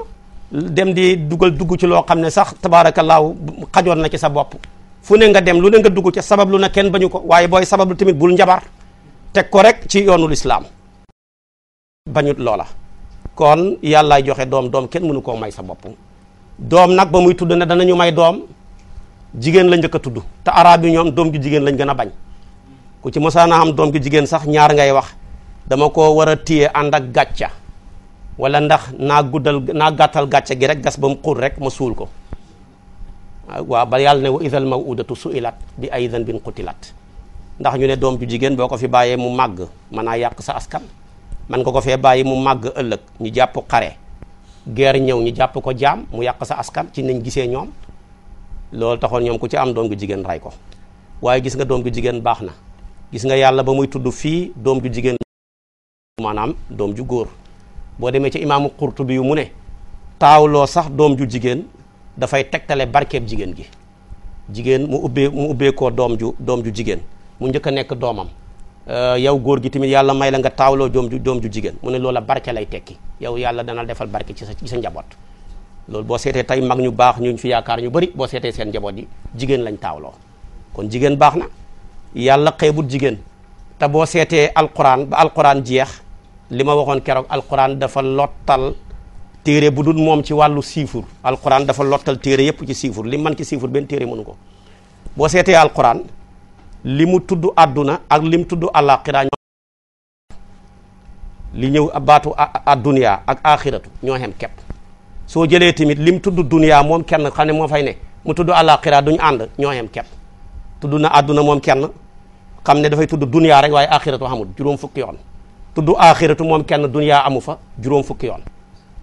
dem di dugal dugg ci loo xam ne sax tabaarakallaahu xajoon na ci sa bopp fu ne nga dem lu ne nga dugg ca sabablu na kenn bañu ko waaye booy sabablu tamit bul njabar teg ko rek ci yoonu lislaam bañut loola kon yàllaay joxe doom doom kenn mënu koo may sa bopp doom nag ba muy tudd ne danañu may doom jigéen la njëkk a tudd te arab yi ñoom doom ju jigéen lañ gën a bañ ku ci mosaana am doom jigéen sax ñaar ngay wax dama ko war a téye ànd ak gàcca wala ndax naa guddal naa gàttal gàcce gi rek gas ba mu xur rek ma suul ko waaw ba yàlla ne wa isal mawudatu suilat bi ay zanbin qutilat ndax ñu ne doom ju jigéen boo ko fi bàyyee mu màgg mën naa yàq sa askan man nga ko fee bàyyi mu màgg ëllëg ñu jàpp xare guerre ñëw ñu jàpp ko jaam mu yàq sa askan ci nañ gisee ñoom lool taxoon ñoom ku ci am doom ju jigéen rey ko waaye gis nga doom ju jigéen baax na gis nga yàlla ba muy tudd fii doom ju jigéen maanaam doom ju góor boo demee ci imaamu Qurtubi yu mu ne taawloo sax doom ju jigéen dafay tegtale barkeeb jigéen gi jigéen mu ubbee mu ubbee koo doom ju doom ju jigéen mu njëkk a nekk doomam euh, yow góor gi tamit yàlla may la nga taawloo joom ju doom ju jigéen mu ne lool la barke lay tekki yow yàlla dana defal barke ci sa ci sa njaboot loolu boo seetee tey mag ñu baax ñuñ fi yaakaar ñu bari boo seetee seen njaboot yi jigéen lañ taawloo kon jigéen baax na yàlla xeebut jigéen te boo seetee alquran ba alquran jeex li ma waxoon keroog alquran dafa lottal téere bu dul moom ci wàllu siifur alquran dafa lottal téere yépp ci siifur li man ci siifur benn téere mënu ko boo seetee alquran li mu tudd àdduna ak li mu tudd àllaaxira li ñëw baatu adduniya ak axiratu ñoo xem kepp soo jëlee tamit li mu tudd duniya moom kenn xam ne moo fay ne mu tudd àllaaxira duñu ànd ñoo xem kepp tudd na àdduna moom kenn xam ne dafay tudd duniya rek waaye axiratu xamul juróom fukki yoon tudd axiratu moom kenn duniya amu fa juróom fukki yoon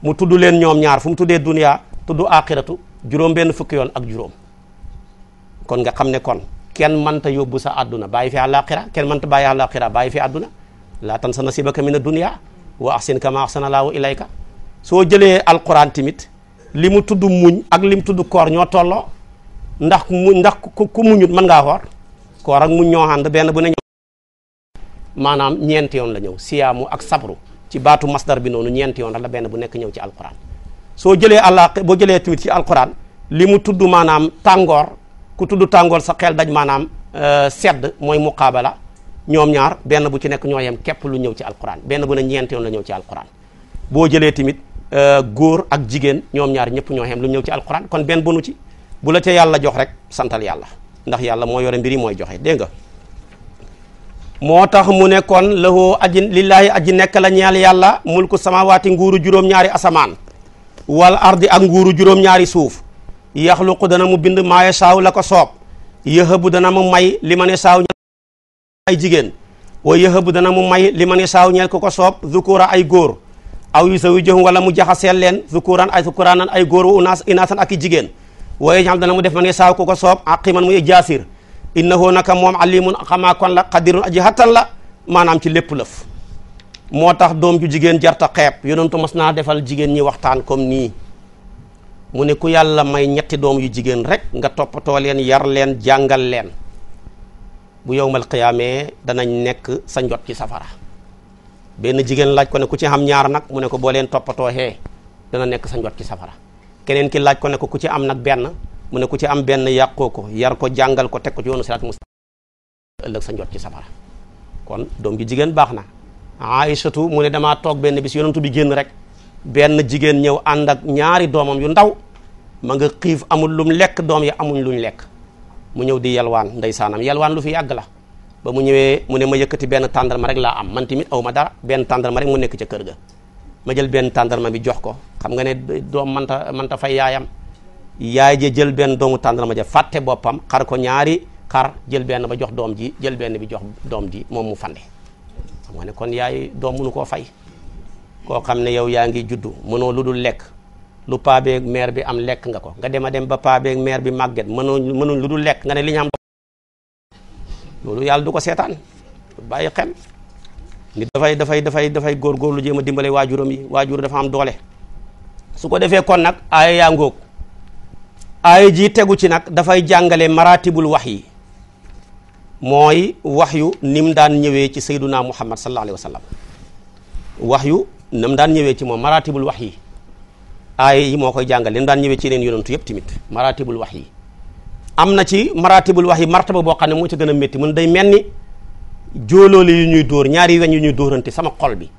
mu tudd leen ñoom ñaar fu mu tuddee duniyaa tudd aaxiratu juróom benn fukki yoon ak juróom kon nga xam ne kon kenn mënta yóbbu sa àdduna bàyyi fi àllaaxira kenn mënta bàyyi àllaaxira bàyyi fi àdduna laa tansa nasiibaka mina duniyaa wa ahsin kamaa ahsana llaahu ilayka soo jëlee alquran tamit li mu tudd muñ ak li mu tudd koor ñoo tolloo ndax muñ ndax ku muñut mën ngaa xoor koor ak muñ ñoo ànd benn bu ne maanaam ñeenti yoon la ñëw siyaamu ak sabru ci baatu masdar bi noonu ñeenti yoon la benn bu nekk ñëw ci alquran soo jëlee allah boo jëlee tamit ci alquran li mu tudd maanaam tàngoor ku tudd tàngoor sa xel daj maanaam euh, sedd mooy muqaabala ñoom ñaar benn bu ci nekk ñoo yem képp lu ñëw ci alquran benn bu ne ñeenti la ñëw ci alquran boo jëlee tamit euh, góor ak jigéen ñoom ñaar ñëpp ñoo yem lu ñëw ci alquran kon benn bu nu ci bu la ca yàlla jox rek santal yàlla ndax yàlla moo yore mbir mooy joxe dégg nga moo tax mu ne kon lahoo aji lillaahi aji nekk la ñeel yàlla mulku samawaati nguuru juróom-ñaari asamaan wal ardi ak nguuru juróom-ñaari suuf yaxluqu dana mu bind maaye saaw la ko soob yëhëbu dana mu may li ma ne saaw ñeel ay jigéen wa mu may li ma ne saaw ñeel ko ko soob zukura ay góor aw yu sawi joxum wala mu jaxaseel leen zukuran ay zukuraanan ay góor wa unaas inaasan ak i jigéen waaye xam dana mu def ma ne saaw ko ko soob aqiman muy jaasir innahu naka moom alimun xamaa kon la xadirun aji xattan la maanaam ci lépp lëf moo tax doom ju jigéen jarta xeeb yonentu mas naa defal jigéen ñi waxtaan comme nii mu ne ku yàlla may ñetti doom yu jigéen rek nga toppatoo leen yar leen jàngal leen bu yowmal xiyaamee danañ nekk sa njot ci safara benn jigéen laaj ko ne ku ci ñaar nag mu ne ko boo leen toppatoo xee dana nekk sa njot ci safara ki laaj ku ci am nag benn mu ne ku ci am benn yàqoo ko yar ko jàngal ko teg ko ci yoonu siraat musta ëllëg sa njot ci safara kon doom ji jigéen baax na Aysatu mu ne damaa toog benn bis yonentu bi génn rek benn jigéen ñëw ànd ak ñaari doomam yu ndaw ma nga xiif amul lum lekk doom yi amuñ luñ lekk mu ñëw di yalwaan ndeysaanam yalwaan lu fi yàgg la ba mu ñëwee mu ne ma yëkkati benn tàndarma rek laa am man tamit aw ma dara benn tàndarma rek mu nekk ca kër ga ma jël benn tàndarma bi jox ko xam nga ne doom manta manta fay yaayam yaay ja jël benn doomu ma ja fàtte boppam xar ko ñaari xar jël benn ba jox doom ji jël benn bi jox doom ji moom mu fande xam nga ne kon yaay doom mënu koo fay koo xam ne yow yaa ngi juddu mënoo lu dul lekk lu paabeeg meer bi am lekk nga ko nga dem a dem ba paabeeg mère bi màgget mënoo mënuñ lu dul lekk nga ne li ñu am loolu yàlla du ko seetaan bàyyi xem nit dafay dafay dafay góor dafay góorgóorlu jéem a dimbale waajuram yi waajur dafa am doole su ko aaya ji tegu ci nag dafay jàngale maratibul wax yi mooy wax yu ni mu daan ñëwee ci sayduna muhammad sallallahu alayhi wa sallam wax yu ni daan ñëwee ci moom maratibul wax yi aaya yi moo koy jàngale ni daan ñëwee ci yeneen yonantu yëpp tamit maratibul wax yi am na ci maratibul wax yi martaba boo xam ne moo ci gën a métti mun day mel ni jóoloole yu ñuy dóor ñaari weñ yu ñuy dóorante sama xol bi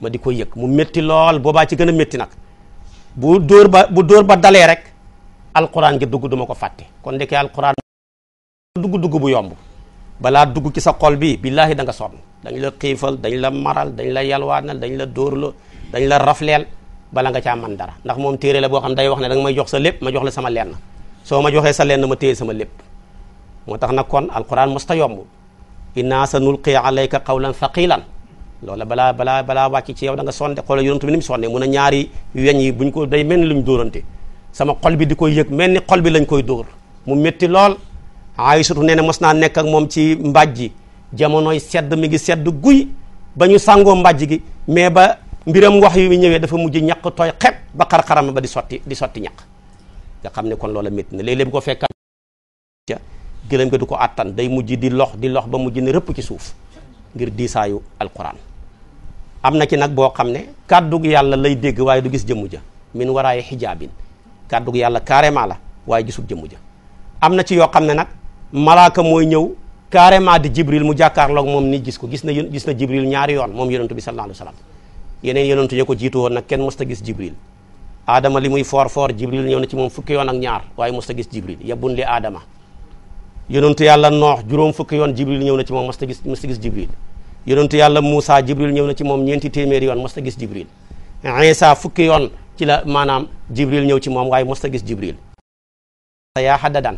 ma di ko yëg mu metti lool boobaa ci gën a métti nag bu dóor ba bu dóor ba dalee rek alquran gi dugg duma ko fàtte kon ndeke alquran dugg dugg bu yomb balaa dugg ci sa xol bi billaahi da nga sonn dañ la xiifal dañ la maral dañ la yalwaanal dañ la dóorloo dañ la rafleel bala nga caa man dara ndax moom téere la boo xam day wax ne da nga may jox sa lépp ma jox la sama lenn soo ma joxee sa lenn ma téye sama lépp moo tax na kon alquran mos ta yomb naa sa nulqi alayka qawlan thaqilan loola balaa balaa balaa wàcc ci yow da nga sonde xoolal yonent bi ni mu sonne mun a ñaari weñ yi buñ ko day mel luñ dóorante sama xol bi di koy yëg mel ni xol bi lañ koy dóor mu métti lool Aysatu nee na mos naa nekk ak moom ci mbàjji jamonoy sedd mi ngi sedd guy ba ñu sangoo mbàjj gi mais ba mbiram wax yu ñëwee dafa mujj ñàkk tooy xepp ba xar-xaram ba di sotti di sotti ñàkk nga xam ne kon loola métti na léeg-léeg bu ko fekkaat ca gëlëm nga du ko àttan day mujj di lox di lox ba mujj ne rëpp ci suuf ngir diisaayu alquran am na ci nag boo xam ne kàddug yàlla lay dégg waaye du gis jëmmu ja min waraaye xijaabin kàddug yàlla carrément la waaye gisul jëmm ja am na ci yoo xam ne nag malaaka mooy ñëw carrément di jibril mu jàkkaarloog moom ni gis ko gis na gis na jibril ñaari yoon moom yonentu bi sallallahu alayhi wa sallam yeneen yonentu ko jiitu woon nag kenn mës ta gis jibril aadama li muy foor foor jibril ñëw na ci moom fukki yoon ak ñaar waaye mës ta gis jibril yebun li aadama yonentu yàlla noox juróom fukki yoon jibril ñëw na ci moom mës ta gis mës ta gis jibril yonentu yàlla Muusa jibril ñëw na ci moom ñeenti téeméeri yoon mës ta gis jibril Isa fukki yoon ci la maanaam jibril ñëw ci moom waaye mos ta gis jibril sa yaa xaddadan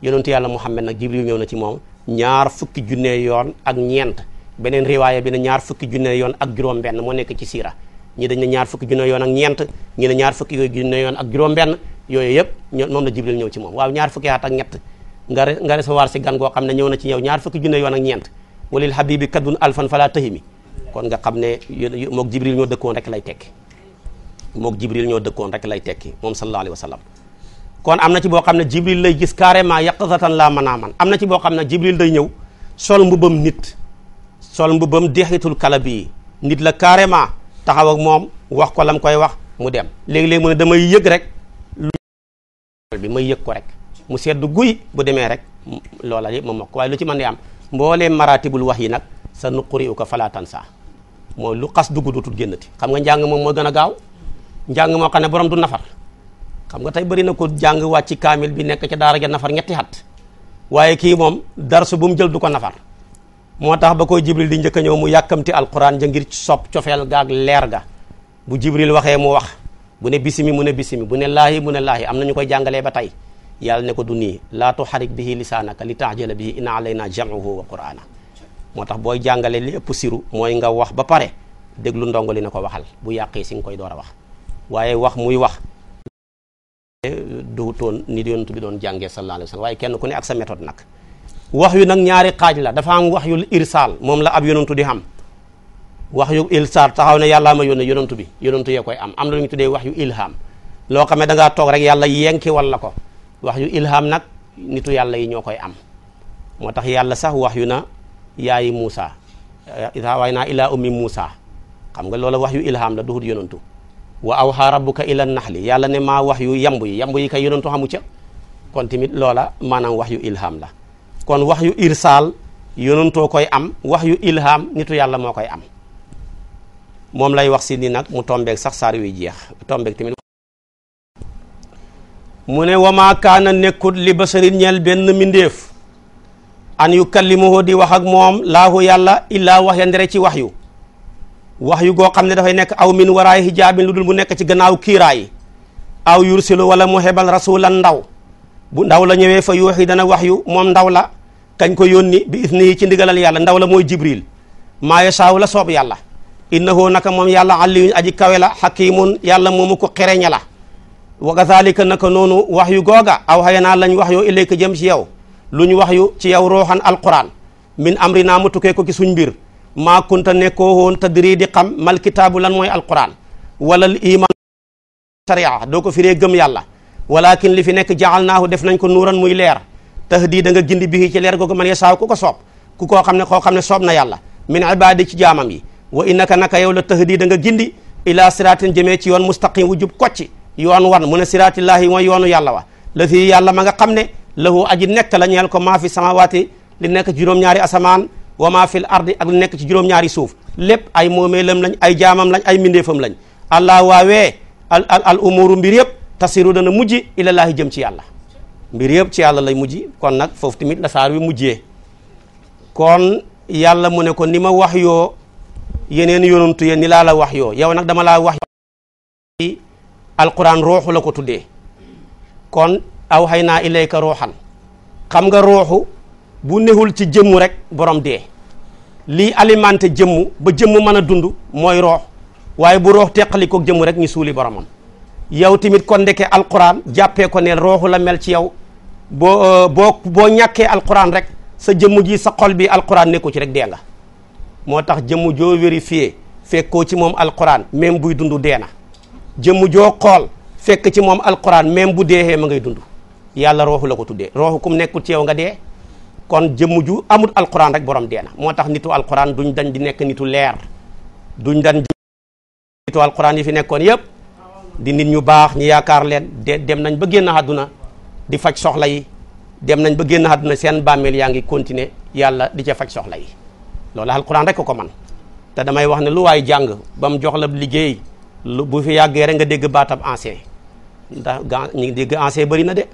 yonentu yàlla muhammad nag jibril ñëw na ci moom ñaar fukki junne yoon ak ñeent beneen riwaaya bi ne ñaar fukki junne yoon ak juróom-benn moo nekk ci siira ñi dañ ñaar fukki junne yoon ak ñeent ñi ne ñaar fukki yooyu junne yoon ak juróom-benn yooyu yëpp ño moom la jibril ñëw ci moom waaw ñaar fukki at ak ñett nga nga recevoir si gan goo xam ne ñëw na ci ñëw ñaar fukki junne yoon ak ñeent walil habibi kadun alfan fala tahimi kon nga xam ne mook jibril ñoo dëkkoon rek lay tekki mook jibril ñoo dëkkoon rek lay tekki moom sallallahu alayhi wa sallam kon am na ci boo xam ne jibril lay gis carrément yaqazatan laa manaaman am na ci boo xam ne jibril day ñëw sol mbubam nit sol mbubam deexitul kala bi nit la carrément taxaw ak moom wax ko lam koy wax mu dem léegi-léegi mu ne damay yëg rek lu may yëg ko rek mu sedd guy bu demee rek loola yëpp ma mokk waaye lu ci mën di am mbooleem maratibul wax yi nag sa nuquri ko ko saa mooy lu xas dugg dootul génnati xam nga njàng moom moo gën a gaaw njàng moo xam ne borom du nafar xam nga tey bari na ko jàng wàcc kaamil bi nekk ca daara ja nafar ñetti xat waaye kii moom darsu bu mu jël du ko nafar moo tax ba koy jibril di njëkk a ñëw mu yàkkamti alquran ja ngir sopp cofeel ga ak leer ga bu jibril waxee mu wax bu ne bisimi mu bisimi bu ne laahi mu ne laahi am na ñu koy jàngalee ba tey yàlla ne ko du nii laa tuxarik bihi lisaanaka li taajala bihi inna alayna jam'uhu wa qur'ana moo tax booy jàngale li ëpp siru mooy nga wax ba pare déglu ndongo li na ko waxal bu yàqee si nga koy door a wax waaye wax muy wax duutoon ni yonent bi doon jàngee sallallahu alayhi wa waaye kenn ku ne ak sa méthode nag wax yu nag ñaari xaaj la dafa am wax yu irsaal moom la ab yonontu di xam wax yu irsaal taxaw ne yàllaa ma yónne yonentu bi yonentu yee koy am am na lu ñu tuddee wax yu loo xam ne da toog rek yàlla yenki walla ko wax yu ilham nag nitu yàlla yi ñoo koy am moo tax yàlla sax wax yu na yaayi Muusa idaa waay naa ilaa ummi Muusa xam nga loola wax yu ilham la duhut yonentu wa awhaa rabbuka ila naxli yàlla ne maa wax yu yamb yi yamb yi kay yonentu xamu ca kon tamit loola maanaam wax yu ilham la kon wax yu irsaal yonentoo koy am wax yu ilham nitu yàlla moo koy am moom lay wax si ni nag mu tombeeg sax saar yuy jeex tombeeg tamit mu ne wama kaana nekkut li basarin ñeel benn mindéef an yukallimuhu di wax ak moom laahu yàlla illaa waxyan ndere ci wax yu wax yu goo xam ne dafay nekk aw min waraay hijaabin lu dul mu nekk ci gannaaw kiiraay aw yursilu wala mu hebal rasulan ndaw bu ndaw la ñëwee fa yuuxi dana wax yu moom ndaw la kañ ko yónni bi isnihi ci ndigalal yàlla ndaw la mooy jibril maa yasaaw la soob yàlla innahu naka moom yàlla aliyun aji kawe la xakimun yàlla moomu ko xereña la wa kazalika naka noonu wax yu googa aw xayanaa lañ wax yoo ilayka jëm ci yow lu ñu wax yu ci yow rooxan alquran min amri naa mu tukkee ko ci suñ mbir maa kunta ko woon tadri di xam mal kitaabu lan mooy alquran wala al iman sharia doo ko firee gëm yàlla walakin li fi nekk naa naahu def nañ ko nuuran muy leer tahdi da nga gindi bi ci leer googu man yasaaw ku ko soob ku koo xam ne koo xam ne soob na yàlla min ibadi ci jaamam yi wa innaka naka yow la tahdi da nga gindi ila siraatin jëmee ci yoon mustaqim wu jub kocci yoon wan mu ne siraatillahi mooy yoonu yàlla wa la fi yàlla ma nga xam ne lahu aji nekk la ñeel ko maa fi samawaati li nekk juróom-ñaari asamaan wa maa fil ardi ak nekk ci juróom-ñaari suuf lépp ay moomeelam lañ ay jaamam lañ ay mindeefam lañ allah waawee al al al umuru mbir yëpp tasiru dana mujj ilallaahi jëm ci yàlla mbir yëpp ci yàlla lay mujj kon nag foofu tamit la saar wi mujjee kon yàlla mu ne ko ni ma wax yoo yeneen yonantu ya ni laa la wax yoo yow nag dama laa wax alquran ruuxu la ko tuddee kon aw xay naa ilayka ruuxan xam nga ruuxu bu nexul ci jëmm rek borom dee lii alimente jëmm ba jëmm mën a dund mooy roox waaye bu roox teqali ko jëmm rek ñu suuli boromam yow tamit kon ndeke alxuraan jàppee ko ne rooxu la mel ci yow boo euh, boo boo ñàkkee alxuraan rek sa jëmm ji sa xool bii alxuraan nekku ci rek dee nga moo tax jëmm joo vérifié fekkoo ci moom alxuraan même buy dund dee na jëmm joo xool fekk ci moom alquran même bu dee deexee ma ngay dund yàlla rooxu la ko tuddee rooxu kum nekkul ci yow nga dee kon jëmm ju amul alquran rek borom dee na moo tax nitu alquran duñ dañ di nekk nitu leer duñ dañ nitu alquran yi fi nekkoon yépp di nit ñu baax ñu yaakaar leen de dem nañ ba génn àdduna di faj soxla yi dem nañ ba génn àdduna seen bàmmeel yaa ngi continuer yàlla di ca faj soxla yi loolu alquran rek ko man te damay wax ne lu waay jàng ba mu jox la liggéey lu bu fi yàggee rek nga dégg baatab ancien ndax gaa ñu dégg ancien bëri na de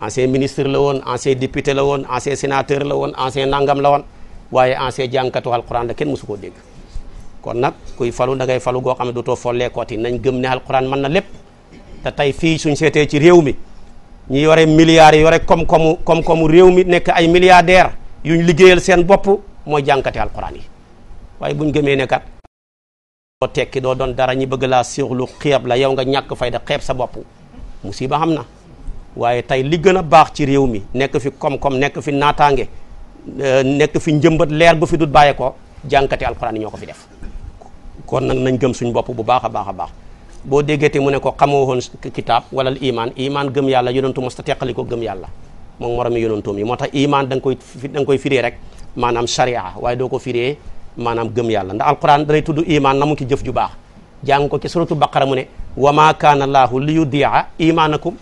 ancien ministre la woon ancien député la woon ancien sénateur la woon ancien nangam la woon waaye ancien jàngkatu alquran la kenn mosu koo dégg kon nag kuy falu da ngay falu goo xam ne dootoo follee kooti nañ gëm ne alquran man na lépp te tey fii suñ seetee ci réew mi ñi yore milliards yore koom-koomu koom-koomu réew mi nekk ay milliardaire yuñ liggéeyal seen bopp mooy jànkate alquran yi waaye buñ gëmee ne kat doo tekki doo doon dara ñi bëgg laa séexlu xeeb la yow nga ñàkk fayda xeeb sa bopp musiba xam na waaye tey li gën a baax ci réew mi nekk fi koom-koom nekk fi naataange euh, nekk fi njëmbat leer bu fi dut bàyyee ko jànkati alxuraan yi ñoo ko fi def kon nag nañ gëm suñ bopp bu baax a baax a baax boo déggee te mu ne ko xamoo woon kitaab wala iman iman gëm yàlla yonantu mos ta teqali ko gëm yàlla moom moromi yonantuum yi moo tax imaan da koy da nga koy firee rek maanaam sharia waaye doo ko firee maanaam gëm yàlla ndax alquran danay tudd imaan na mu ki jëf ju baax jàng ko ci suratu baqara mu ne wa ma kaana allaahu li yudia imanakum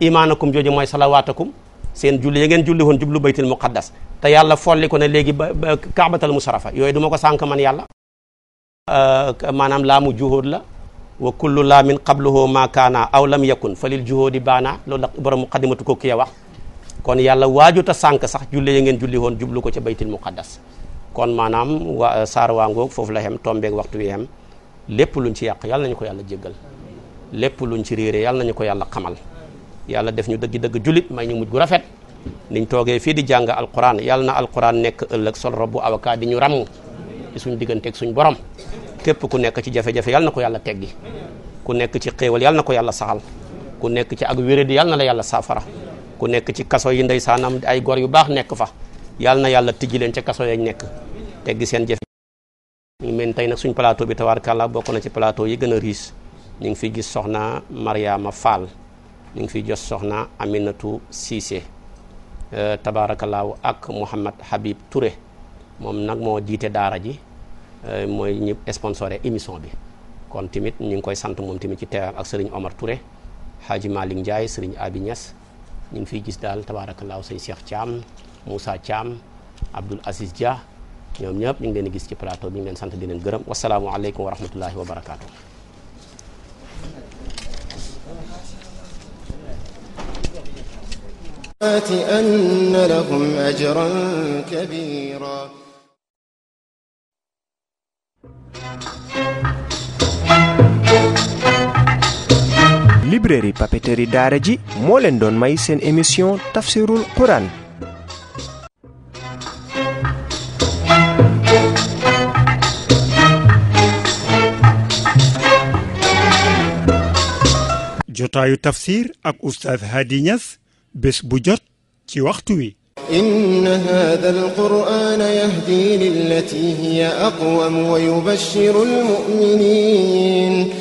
imaanakum jooju mooy salawaatakum seen julli ya ngeen julli woon jublu baytil muqaddas te yàlla folli ko ne léegi ba kaabatal musarafa yooyu du ma ko sànk man yàlla euh, maanaam laamu juhóod la wa kullu laamin qabluhu ma kaana aw lam yakun fa lil juhóodi baana loolu la borom muqaddimatu ko kiya wax kon yàlla waajuta sànk sax julli ya ngeen julli woon jublu ko ca baytil muqaddas kon maanaam wa euh, saar waangoog foofu la xem tombeeg waxtu wi xem lépp lu ci yàq yàlla nañu ko yàlla jéggal lépp luñ ci réere yàlla nañu ko yàlla xamal yàlla def ñu dëgg-dëgg julit may ñu mujj gu rafet niñ toogee fii di jàng alquran yàlla na alquran nekk ëllëg sol robbu avocat di ñu ràmm ci suñ digganteeg suñ borom képp ku nekk ci jafe-jafe yàlla na ko yàlla teggi ku nekk ci xéewal yàlla na ko yàlla saxal ku nekk ci ak wéré di yàlla na la yàlla saafara ku nekk ci kaso yi saanam ay gor yu baax nekk fa yàlla na yàlla tijji leen ca kaso yañ nekk teggi seen jafe ñu mel tey nag suñ plateau bi tabaarkalla bokk na ci plateau yi gën a riis ñu ngi fi gis soxna Mariama Fall ñu ngi fiy jot soxna Aminatu Cissé euh, tabaarakallaahu ak Mouhamad Habib ture moom nag moo jiite daara ji euh, mooy ñu sponsoré émission bi kon tamit ñu ngi koy sant moom tamit ci teewam ak Serigne Omar Touré Hadji Malick Ndiaye Serigne Abi Niass ñu ngi fiy gis daal tabaarakallaahu sëñ Cheikh Thiam Moussa Thiam Abdoul Aziz Dia ñoom ñëpp ñu ngi leen di gis ci plateau bi ñu ngi leen sant di leen gërëm wasalaamualeykum wa rahmatullahi wa barakaatu. الصالحات أن لهم أجرا كبيرا ji moo leen doon may seen émission tafsirul quran jotaayu tafsir ak oustaz Hadi bés bu jot ci waxtu wi إن هذا القرآن يهدي للتي هي أقوم ويبشر المؤمنين